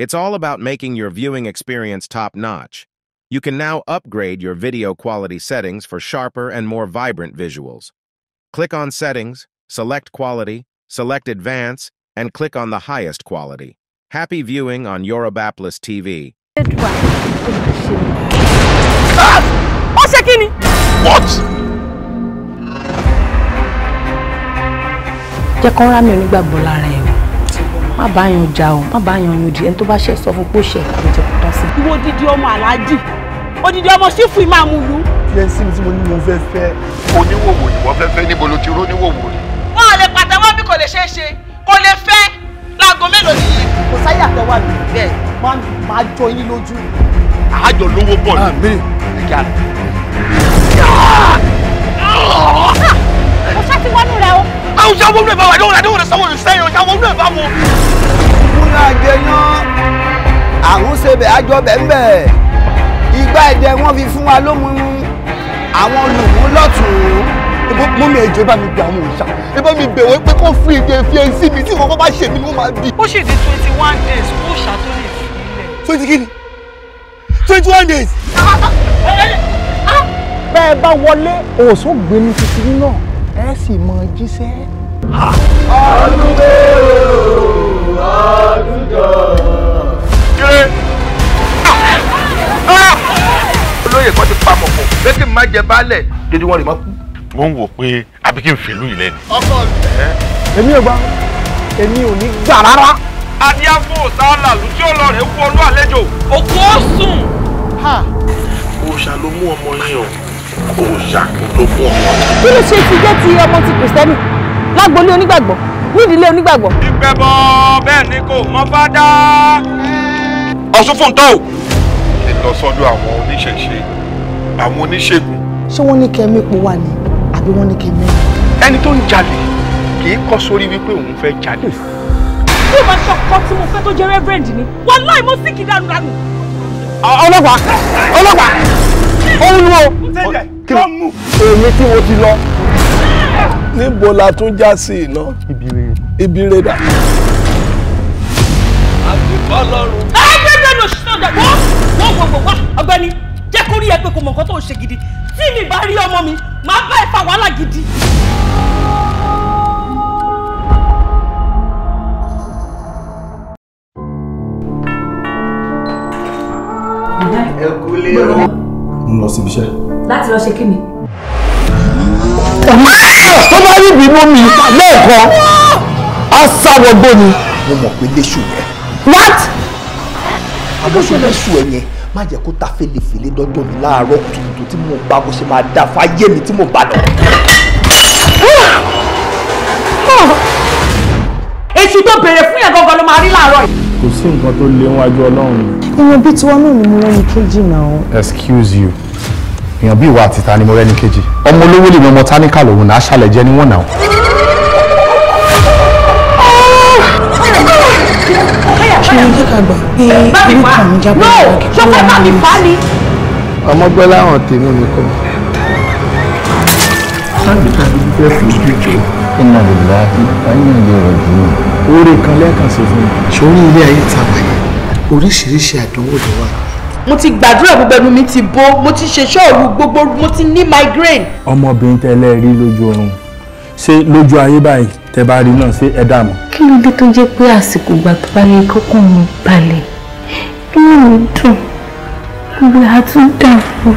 It's all about making your viewing experience top-notch. You can now upgrade your video quality settings for sharper and more vibrant visuals. Click on Settings, select Quality, select Advance, and click on the highest quality. Happy viewing on Yorubapolis TV. What? Jẹ́ kó lára ẹ̀. má bá yan jà o má bá yan yòdì ẹni tó bá ṣe sọ fún pé ó ṣe ìjẹ kó tán sí. wo odidi ọmọ aláàjì odidi ọmọ sífù ìmáàmù lu. yẹn sí mi tí mo ní mo fẹ́ fẹ́. oníwòwò ìwọ fẹ́fẹ́ níbo ló ti róníwòwò rí. wọn ò lè pàtẹ́wọ́ bí kò lè ṣeé ṣe kò lè fẹ́ láago mélòó nìyí. kò sáyà àtẹwà mi bẹ́ẹ̀ máa jọ yín lójú. àjọ lówó bọ̀ ni. àmín. ẹ̀ka ti wọnú rẹ o. àwọn ìyá wọnú ẹ bá wà lóhùn àdéhùn rẹ sanwó ìṣẹyìn ìyá wọnú ẹ bá wọ. múra jẹyàn àrùn àjọ bẹ́ẹ̀ ìgbà ẹ̀jẹ̀ wọn fi fún wa lómú àwọn olùmú lọ́tùn-ún. mú mi ẹjọ́ bá mi bẹ àwọn òòṣà ẹ mi bẹ̀ pé kó fún ìdè fi ẹni síbi tí ìwọ́n bá ṣe mí ni wọ́n máa bì. ó ṣèdè twenty one days kó ṣàtúnyẹ̀ sí ilẹ̀. twenty kìíní twenty one days. bẹ́ẹ̀ bá wọlé òòsùn gbẹmí tuntun náà ẹ sì mọ jíṣẹ́. olóyè kan ti pa mọ̀pọ̀ pé kí n má jẹ baálẹ̀ dédé wọn rè má kú. mo ń wò pé àbí kí n fèlú yìí lẹ́nu. ọkọ rẹ. èmi ò gbà èmi ò ní gbà rárá. adiafo sálà lùtí ọlọrẹ wọnú àlejò òkú ó sùn. òòṣà ló ọmọ yín o òòṣà ló mú ọmọ. kí ló ṣe ti jẹ́ ti ọmọ ti kìrìsìtẹ́nì lágbolé onígbàgbọ́ nídìílé onígbàgbọ́. ìpẹ́bọ bẹ́ẹ̀ ni kò mọ fádá. ọ̀sùn tó. ẹ lọ sọ́dọ̀ àwọn oníṣẹ̀ṣe àwọn oníṣègùn. ṣé wọ́n ní kẹ́mi po wà ní àbí wọ́n ní kẹ́mi. ẹni tó ń jalè kì í kọ́ sórí wípé òun fẹ́ jalè. bí o bá ṣọkọ tí mo fẹ́ tó jẹ́ rẹ́fẹ̀rẹ̀ndì ni wàláì mo sì kì í dànù dànù. ọlọ́pàá ọlọ́pàá òun lù ó. èmi tí mo ti lọ. níbo la tún já sí iná. ibi rẹ̀dà. àgbẹ̀bọ̀ lọ́rùn. ẹ gbẹ́gbẹ́ lọ sí ọ̀dà wọ́n wọ́n wọ́n wọ́n ọ̀gbẹ́ni jẹ́ kó rí ẹ pé kò mọ̀ nǹkan tó ń ṣe gidi tí mi bá rí ọmọ mi màá bá ẹ fa wàhálà gidi. Herculeo ń lọ síbi iṣẹ́. láti lọ ṣe kí ni. ọmọ tó bá rí ìbínú mi lẹ́ẹ̀kan á sáwọ́gbó ni. mo mọ̀ pé léṣù rẹ̀. what. àbọ̀ṣe léṣù ẹ̀ yẹn má jẹ́ kó ta fèlèfèlè dọ́dọ̀ mi láàárọ̀ kùtùkùtù tí mo bá bó ṣe máa dá fáyé mi tí mo bá lọ. èsì tó béèrè fún yẹn gangan ló máa rí láàárọ̀ yìí. kò sí nǹkan tó léwájú ọlọ́run. ìwọ̀n bíi tiwọn náà ni mo rẹ́ni kéjì náà. excuse you èèyàn bí ìwà àtìta ni mo rẹ́ni kejì ọmọ olówó lè mọ táníkà lòun náà ṣàlẹ̀ jẹ́ níwọ̀n náà. ọmọ láwọn tèmi mi kọ́. sábìtà kan lẹ́ẹ̀kan sí fún mi. sórí ilé ayé ta wáyé oríṣiríṣi àdánwò ló wà mo ti gbàdúrà gbogbo ẹnu mi ti bó mo ti ṣe ṣọ́ọ̀rù gbogbo mo ti ní migraine. ọmọbìnrin tẹ́lẹ̀ rí lójú oorun ṣé lójú ayé báyìí tẹ́ bá rí náà ṣé ẹ dààmú. kí ló dé tó jẹ́ pé àsìkò ìgbà tó bá yẹ kókó mi balẹ̀ inú mi dùn ìgbà àtúndà fún.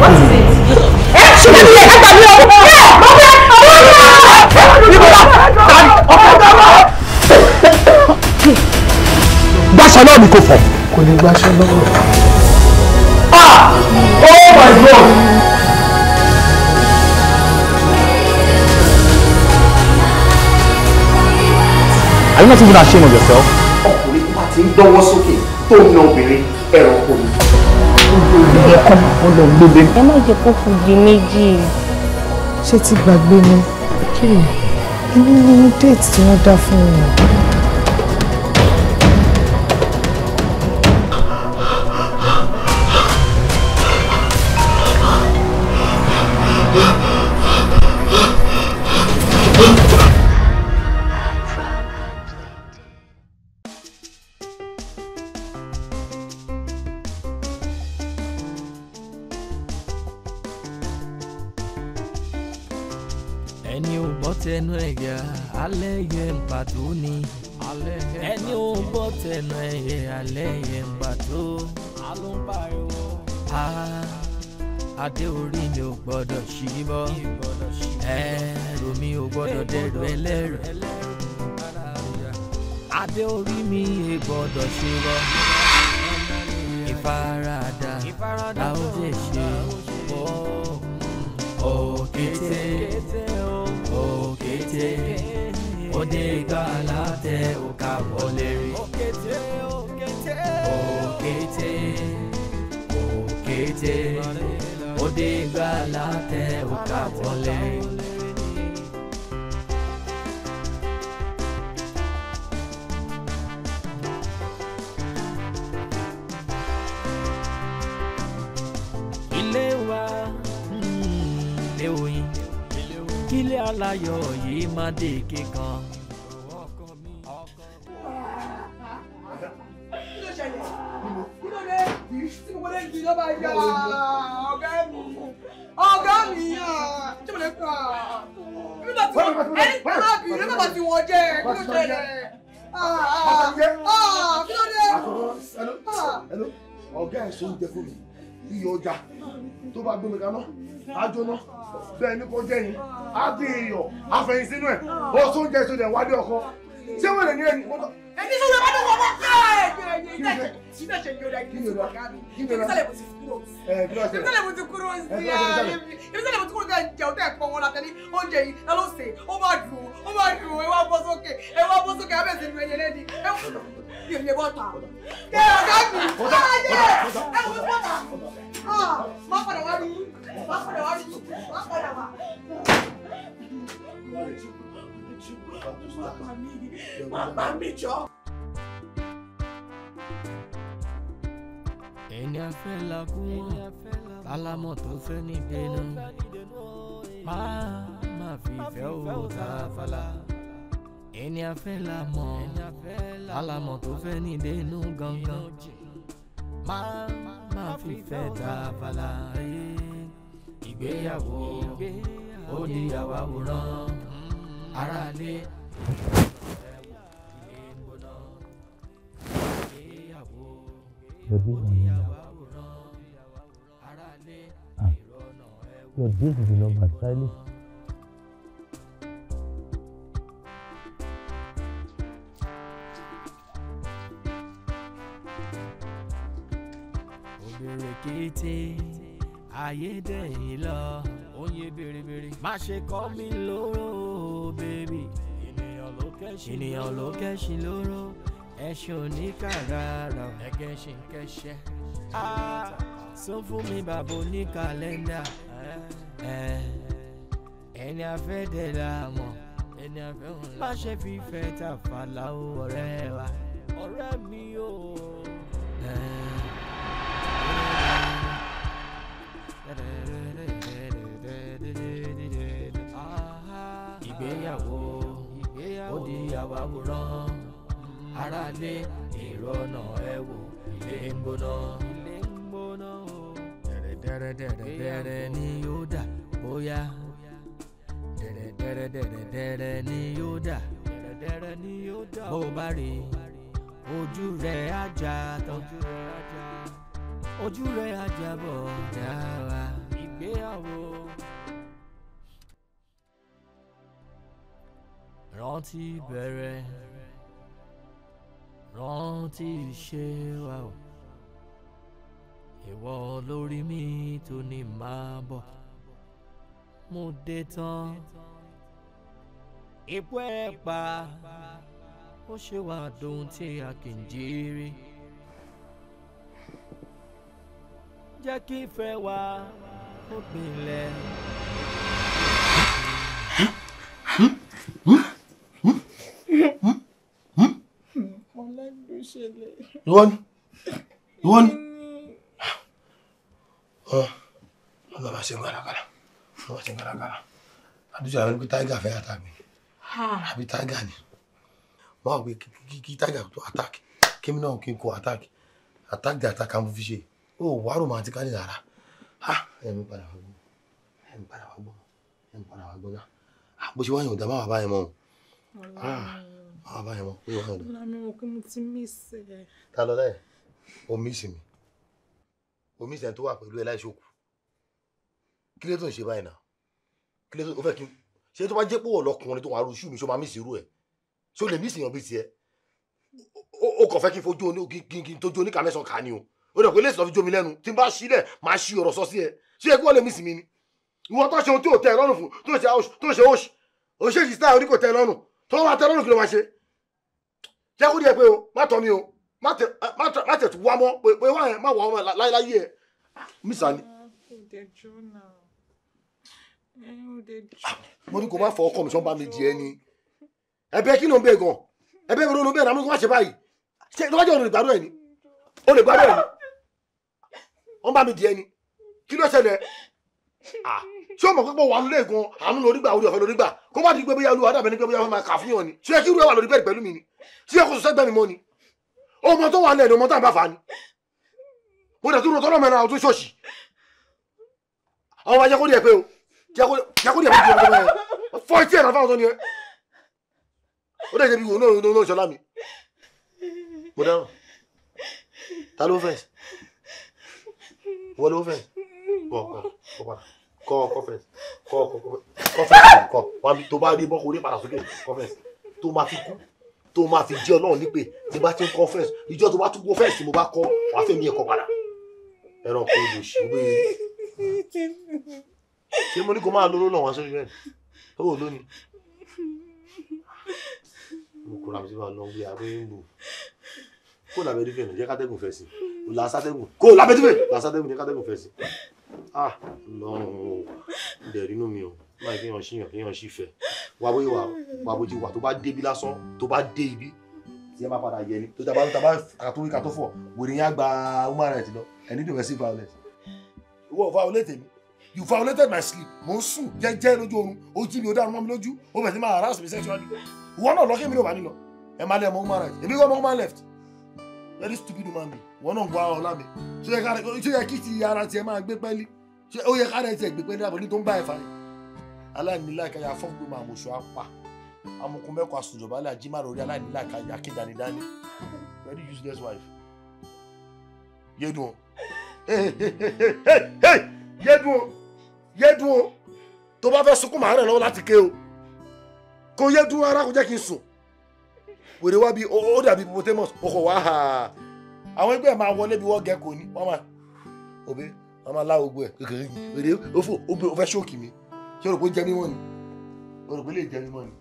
what's it? ẹ ṣe kí ni ẹ gbàgbé ọkọ rẹ mo fẹ́ ọwọ́ mi. ìbúra tàbí ọkọ gbàgbọ́. gbàṣà náà ni kò fọ. kò ní gbàṣà náà oh my god. are you not even ashamed of yourself. ọkùnrin tó bá ti gbàgbé ni kí ni inú ní déètì tí dá fún un. ọ̀gá ẹ̀ sọ oúnjẹ fún mi iyọ̀ ọjà tó bá gbé mi kaná àjọná bẹ́ẹ̀ ní kò jẹ́ yín á di iyọ̀ àfẹ̀yìn sínú ẹ̀ ó sọ oúnjẹ sọ dẹ̀ wádìí ọkọ ṣé wọ́n lè ní ẹni mọ́tò. ẹni sọ wọn wọn wọn ká ẹ ẹ ṣíṣe ṣe yọrọ ẹni tó wà gáàmì ibi sálẹ̀ mo ti kúrò ibi sálẹ̀ mo ti kúrò sí ààrẹ ibi sálẹ̀ mo ti kúrò sí àjẹ ọ̀tẹ̀ ẹ̀kọ́ wọn látẹ̀lé oúnjẹ yìí lọ́lọ́sẹ̀ ó máa dùn ó máa dùn ẹ wá bọ́ sókè ẹ wá bọ́ sókè abẹ́sẹ̀ lu ẹyẹ lẹ́ni ẹ wọ́n mi ò lè bọ́ta. ẹ ẹ ọ̀gá mi ayé ẹ wò bọ́ta. má padà wá rí má padà wá rí má padà wá. Má pa mí, má pa mí jọ. ẹni afẹ́ la kú wọn alámọ̀ tó fẹ́ ní dẹnu má má fi fẹ́ òòtà fàlà ẹni afẹ́ la mọ̀ alamọ̀ tó fẹ́ ní dénú gangan máa máa fi fẹ́ ta abala rí ìgbéyàwó ó di àwa wòran aráalé. Your Your deeds do not bad. Silence. òrèkìtì ayédèyìn lọ oyin biribiri má ṣe kọ́ mi lóró bèbí ènìyàn ló kẹ́sìn ènìyàn ló kẹ́sìn lóró ẹṣin oníkàràrà ẹgẹṣin kẹṣẹ. sọ fún mi bàbá oníkàlẹ́ndà eh. eh, ẹni afẹ́dẹ̀ la mọ̀ ẹni afẹ́hùn la mọ̀ má ṣe fífẹ́ tàfàlà ọ̀rẹ́ wa ọ̀rẹ́ mi o. Eh. wa wòran aráalé èrò ọ̀nà ilé ń gbóná. dẹ̀rẹ̀dẹ̀rẹ̀dẹ̀rẹ̀ ni yóò dà bóyá. dẹ̀rẹ̀dẹ̀rẹ̀dẹ̀rẹ̀ ni yóò dà. dẹ̀rẹ̀dẹ̀rẹ̀ ni yóò dà. bó o bá rí ojú rẹ̀ ajá tán. ojú rẹ̀ ajá bọ̀ dára. ìgbéyàwó. rántí bẹ̀rẹ̀ rántí ṣe wa o ìwọ lórí mi tó ní máa bọ̀ mo dé tán ipò ẹ̀ pa ó ṣe wà dohun tí a kì í jíire jẹ́ kí ìfẹ́ wa ó gbilẹ̀. Huh? ló ṣẹlẹ̀. ìwọ ni ìwọ ni wọn bàbá ṣe ń kárakára wọn bàbá ṣe ń kárakára àdújọ àwọn ẹni táìgà fẹ́ ata àbí táìgà ni wọn àwọn pé kí táìgà tó attack kémi náà kí n kó attack attack the attack àwọn fi ṣe ó wà romantically rárá ẹ̀mí padà wà gbọ́n ẹ̀mí padà wà gbọ́n ẹ̀mí padà wà gbọ́n náà bó ṣe wáyé ò dá má wà báyìí mọ́ o bàbá yẹn mọ wíwá ọ̀nà. ọ̀la mi mọ̀ pé mo ti mísì ẹ̀. ta lọ o mísì mi o mísì ẹ̀ tó wà pẹ̀lú ẹ láìsókù kí ló tó ń ṣe báyìí náà kí ló tó fẹ́ kí n ṣe tó bá jẹ́ pé ọ̀lọ́kùnrin tó wà rú ṣú mi ṣó máa mísì irú ẹ̀ ṣó lè mísì yàn bí tiẹ̀ o kò fẹ́ kí n fojú o kí n tójú oníkà mẹ́sàn-án kà o o dẹ̀ pé lè sọ fi jómi lẹ́nu tí n bá sílẹ̀ máa ṣí ọ̀rọ̀ sọ sí ẹ ṣé ẹ kí wọ́n lè mísì mi ni ìwọ́n tó ṣe ohun tí ò tẹ́ ẹ lọ́rùn fún tó ṣe oṣù tó ṣe oṣù òṣèṣì sáà orí kò tẹ́ ẹ tọ́lọ́ máa tẹ lọ́rùn kí ló máa ṣe jẹ́ kó díẹ̀ pé o má tọ́ mi o má tẹ̀ tún wá mọ́ pé wá yẹn má wà ọmọ láyé ẹ̀ mísà ni. Ah, mo ní kò má fọ ọkọ mi sọ́n bá mi jẹ ni ẹ̀bẹ̀ kí ló ń bẹ gan ẹ̀bẹ̀ mi ló ń bẹ náà mo ní kó má ṣe báyìí ṣe tó bá jẹ́ ọ̀rọ̀ ẹ̀ ni ó lè gbàdùn ẹ̀ ni wọ́n bá mi jẹ ni kí ló ṣẹlẹ̀ ah ṣé o mọ̀ pípọ̀ wà lórí ẹ̀gàn àánú lórí gbà orí ọ̀fẹ́ lórí gbà kó má di pé bóyá olúwa dàbẹ̀ ní pé bóyá wọ́n máa kà fún yàn ni ṣé kí irú ẹ̀ wà lórí bẹ́ẹ̀ pẹ̀lú mi ni ṣé kò sọ́sẹ́ gbẹ̀mí mọ́ ni ọmọ tó wà lẹ̀ ni ọmọ tá à ni mo dẹ̀ tún ro tọ́lọ́ mẹ́ra ọdún ṣọ́ọ̀ṣì àwọn ọmọ díẹ̀ pé o jẹ́kó díẹ̀ pé o fọ́ etí ẹ̀ náà fáwọn kọ́ conference kọ́ conference kọ́ tó bá rí bọ́kùnrin padà sókè conference tó máa fi kú tó máa fi jẹ́ ọlọ́run nípè tí bá ti ń conference ìjọ tó bá tún conference mo bá kọ́ wàá fẹ́mi ẹ̀kọ́ padà ẹ̀rọ kò lè ṣubú ṣé mo ní kó máa lóró lọ́wọ́ sórí bẹ́ẹ̀ tó wò lónìí mo kóra mi sí ma lọ wí abẹ́ ń bù kó làbẹ́dúfẹ́ nù kátẹ́gùn fẹ́ sí kó kó làbẹ́dúfẹ́ làásátẹ́gùn jẹ́ kátẹ́gùn fẹ́ sí ah lọ́rùn o ilẹ̀ rínú mi o máa kéèyàn ṣíyàn kéèyàn ṣì fẹ́ wà bó wà wà bó ti wà tó bá dé ibi lásán tó bá dé ibi tí ẹ bá padà yẹ ni tó dábà tó dábà àtúwí ká tó fọ wèrè yẹn á gba human rights lọ ẹni domestic violence ìwọ violate mi you violated my sleep mo ń sùn jẹ́jẹ́ lójú oorun ó jí mi ó dàrú mọ́ mi lójú ó bẹ̀rẹ̀ sí máa harass mi sexually ìwọ náà lọ́kẹ́ mi ló wà nílọ ẹ má lẹ́ ọmọ human rights èmi kọ́ ọmọ human left very stupid human being wọn náà wá ọlá mi ṣé yẹ kí ti ara tiẹ̀ máa gbé pẹ́lí ṣé ó yẹ kára tiẹ̀ gbé pẹ́lí àbọ̀ ní tó ń bá ẹ̀fà yẹn aláìníláàkáyà fọ́gbọ́n àmọ̀ṣọ́ apá amukumẹ́kọ̀ọ́ àsùnjọba alẹ́ àjímàrò orí aláìníláàkáyà akéjanidání very useless wife yédùn o yédùn o yédùn o tó bá fẹ́ sunkún màá rẹ̀ lọ́wọ́ láti ké o kò yédùn ara kò jẹ́ kí n sùn wèrè wá bí ó dàbí potamus ọkọ̀ wá hà àwọn ẹgbẹ́ ẹ̀ máa wọlé bí wọ́n gẹ kò ní wọ́n máa òbí wọ́n máa lá ogun ẹ̀ kékeré yìí wèrè ó fò ó fẹ́ ṣóòkì mi ṣé o rò pé ó jẹ́ mímọ́ ni o rò pé lè jẹ́ mímọ́ ni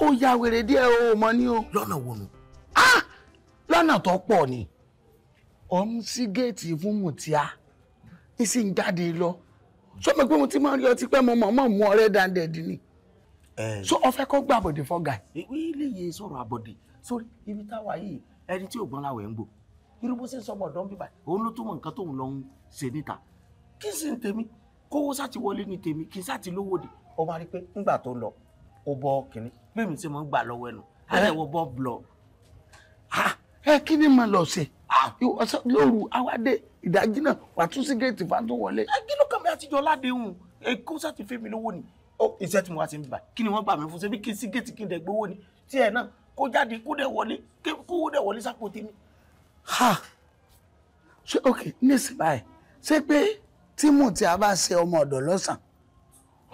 o ó ya wèrè díẹ̀ o mọ ní o. lọ́nà wo nu. lọ́nà tó pọ̀ ni ọ̀n sí géètì fún mùtíá ní sì ń jáde lọ pé mo ti máa ń rí ọtí mo mọ̀ mọ̀ mú ni so ọfẹ́ gba abodi àbọ̀dì fọ́gà. ìwé ilé yẹn sọ̀rọ̀ àbọ̀dì sórí ibi táwa yìí ẹni tí ògbọ́n làwẹ̀ ń gbò irú bó ṣe ń sọ ọmọ òun ṣe níta kí sì ń tèmi kówó ní tèmi kí lówó de ó máa rí bẹ́ẹ̀ mi ti mọ̀ ń gbà lọ́wọ́ ẹnu àtẹ̀wọ̀ eh. bọ́ blọ̀. ẹ kí ni màá lọ ṣe ah. lóru awádé ìdájí náà wàá tún sí géètì fáńtò wọlé. Eh, kí ló kàn mí àtijọ́ ládéhùn èkó sàti fẹ́ mi lówó ni iṣẹ́ tí mo wá ti ń bà kí ni wọ́n gbà mí fún ṣe bí kí sí géètì kí n dẹ̀ gbowó ni tí ẹ̀ náà kó jáde kó dẹ̀ wọlé kó dẹ̀ wọlé sápò tèmi. ha ṣe ok ní ìsìn báyìí ṣé pé tímù tí a bá ṣe ọmọ ọ̀dọ̀ lọ́sàn-án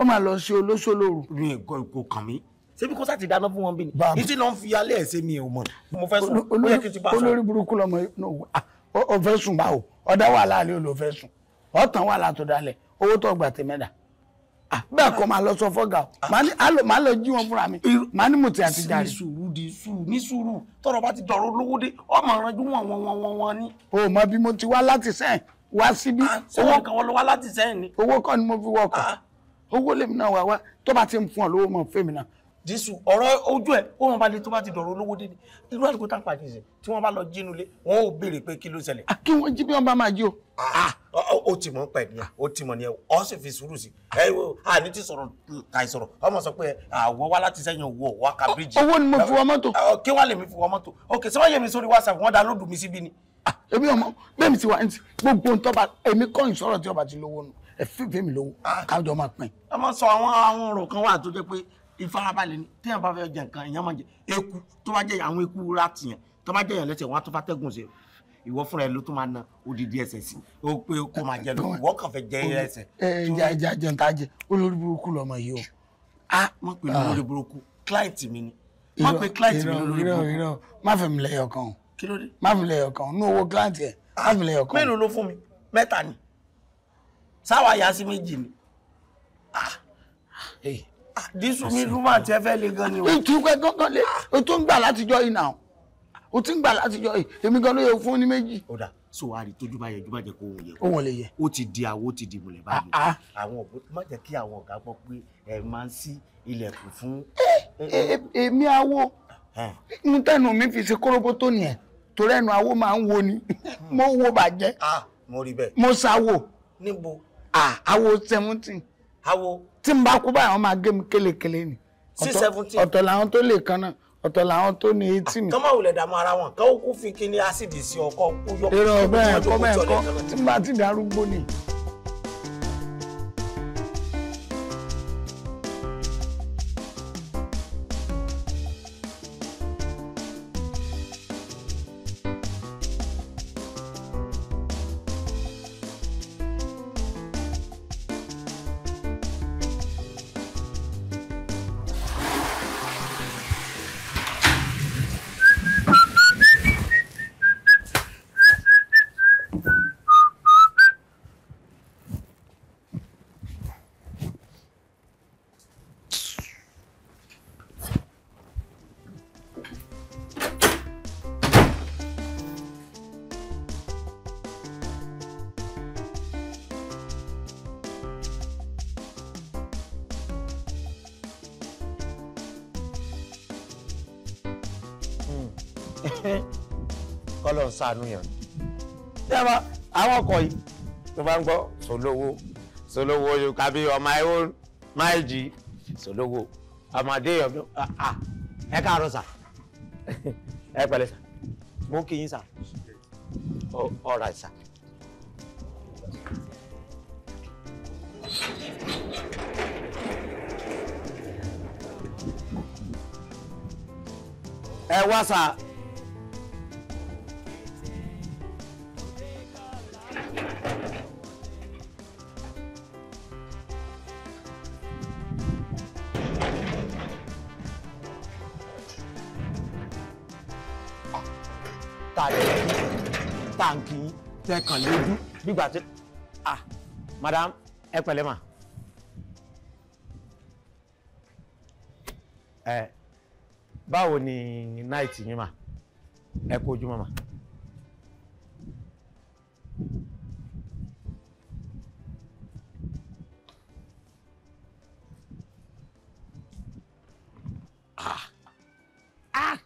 ó máa lọ ṣe olóṣòlóru. mi ò kàn mí ṣebí kó sáti dáná fún wọn bí ni ìtí lọ ń fi alẹ́ ẹ̀ ṣe mi ò mọ̀ mo fẹ́ sùn ó yẹ kí n ti bá a sọ. olórí burúkú lọmọ ó ah, fẹ́ sùn báwo ọ̀dá wà láàlẹ́ olóò fẹ́ sùn ọ̀tàn wà látọ̀ dalẹ̀ owó tó gbà tẹ̀ mẹ́ta ah, bẹ́ẹ̀ kọ́ máa lọ sọ fọ́gà o ah. máa lọ jí wọn fúnra mi máa ní mùtí àti jàre. ní sùúrù di sùúrù ní sùúrù tọrọ bá ti dọ̀rọ̀ lówó dé ọmọ ìrànjú wọn wọn wọn wọn wọn ni. o mọ bí mo ti wá láti sẹ́yìn wá síbí. sẹ́wọ̀n kan wọ́n lọ wá láti sẹ́yìn ni. owó kọ́ ni mo fi wọkọ̀ owó lèmi náà wá wá tó bá ti ń fún ọ lówó mọ̀ fẹ́mi náà jésù ọ̀rọ̀ ojú ẹ̀ ó wọn bá lè tó bá ti dọ̀rọ̀ olówó dé ni irú àdúgbò tá à ń pàdé ṣe tí wọ́n bá lọ jínú lé wọn ò béèrè pé kí ló ṣẹlẹ̀. kí wọ́n jí bí wọ́n bá máa jí o. ó ti mọ̀ pẹ̀ nìyà ó ti mọ̀ nìyà ó sì fi sùúrù sí ẹ àní ti sọ̀rọ̀ kàì sọ̀rọ̀ ọmọ sọ pé àwọ̀ wá láti sẹ́yìn owó ọ̀ wá kàbíríjì. owó ni mo fi wọ mọ́tò. kí wàá lè mi fi wọ mọ́tò ok sọ wáyé mi sórí whatsapp wọn dá lódù mi síbí ni. èmi ọmọ bẹ́ẹ̀ mi ti wá ní ti gbogbo ntọ́ba èmi kọ́ ìṣọ́rọ̀ tí ọba ti lówó nù ẹ fífi mi lówó kájọ máa pín. a máa sọ àwọn àwọn ọ̀rọ̀ kan wà tó jẹ́ pé ìfarabalẹ̀ ni téèyàn bá fẹ́ jẹ nǹkan èèyàn máa jẹ eku tó bá jẹ àwọn eku wúrà tìyàn tó bá jẹ èèyàn lẹ́sẹ̀ wọn á tó fà tẹ́gùn sí ìwọ fúnra ẹ ló tún máa na odidi ẹsẹ̀ sí o pé kó máa jẹ lọ ìwọ kàn fẹ́ jẹ ẹsẹ̀. ẹ jẹ jẹ jẹ nta jẹ olórí burúkú lọmọ yìí o. a wọn pè ní olórí burúkú client mi ni wọn pè client mi ní olórí burúkú. má fẹ́ mi lẹ́yọ̀ kan o kí ló dé. má fi lẹ́yọ̀ kan ní owó client ẹ̀ má fi lẹ́yọ̀ kan. mélòó ló fún mi mẹ́ta ni sáwà yá méjì ni. Ah, dísù ní rúmọ̀ tí ẹ fẹ́ le gan ni o. ìtú pẹ́ gángan lé o tún ń gbà látijọ́ yìí náà o tún ń gbà látijọ́ yìí èmi gan ló yẹ fún ní méjì. ọ̀dà so a rí tójú bá yẹ ojú bá jẹ kó o yẹ. òun lè yẹ. ó ti di àwo ó ti di ìmùlẹ̀ báyìí. Ah, ah. àwọn ọ̀gbọ́n má jẹ́ kí àwọn ọ̀gá gbọ́ pé ẹ máa ń ṣí ilẹ̀kùn fún. èmi awo n tẹnu mi fi ṣe kóróbó tó nìyẹn torí ẹnu awo máa ń wo ni hmm. mo wo bàjẹ́. Ah, mo rí bẹ́ẹ̀. mo ṣàwò. níbo. awo seventeen. awo tí n bá kú báyìí wọ́n máa gé mi kélekèlé ni ọ̀tọ̀ làwọn tó lè kan náà ọ̀tọ̀ làwọn tó ní eighteen. kọ́mọ wulẹ̀ dààmú ara wọn kọ́ kú fi kíní ásìdì sí ọkọ kú yọkú. èrò bẹ́ẹ̀ kọ́ bẹ́ẹ̀ kọ́ tí n bá ti darúgbó ni Kọlọsụ anụ ya. Ya ma, anwụ ọkọ i, ọ ma gbọ, Solowu. Solowu oyi ka bi ya, ọ ma ewu, ma eji, Solowu. Amade ya ọ bụla, ah ah. Eka arụsị a. Epele, mụ kịnyịsa. Ọ ọ raịsa. tẹkàn lójú gbígbà tí ah madam ẹ pẹ̀lẹ́ mà ẹ báwo ni náìtì yín mà ẹ kú ojúmọ́ mà. ah ah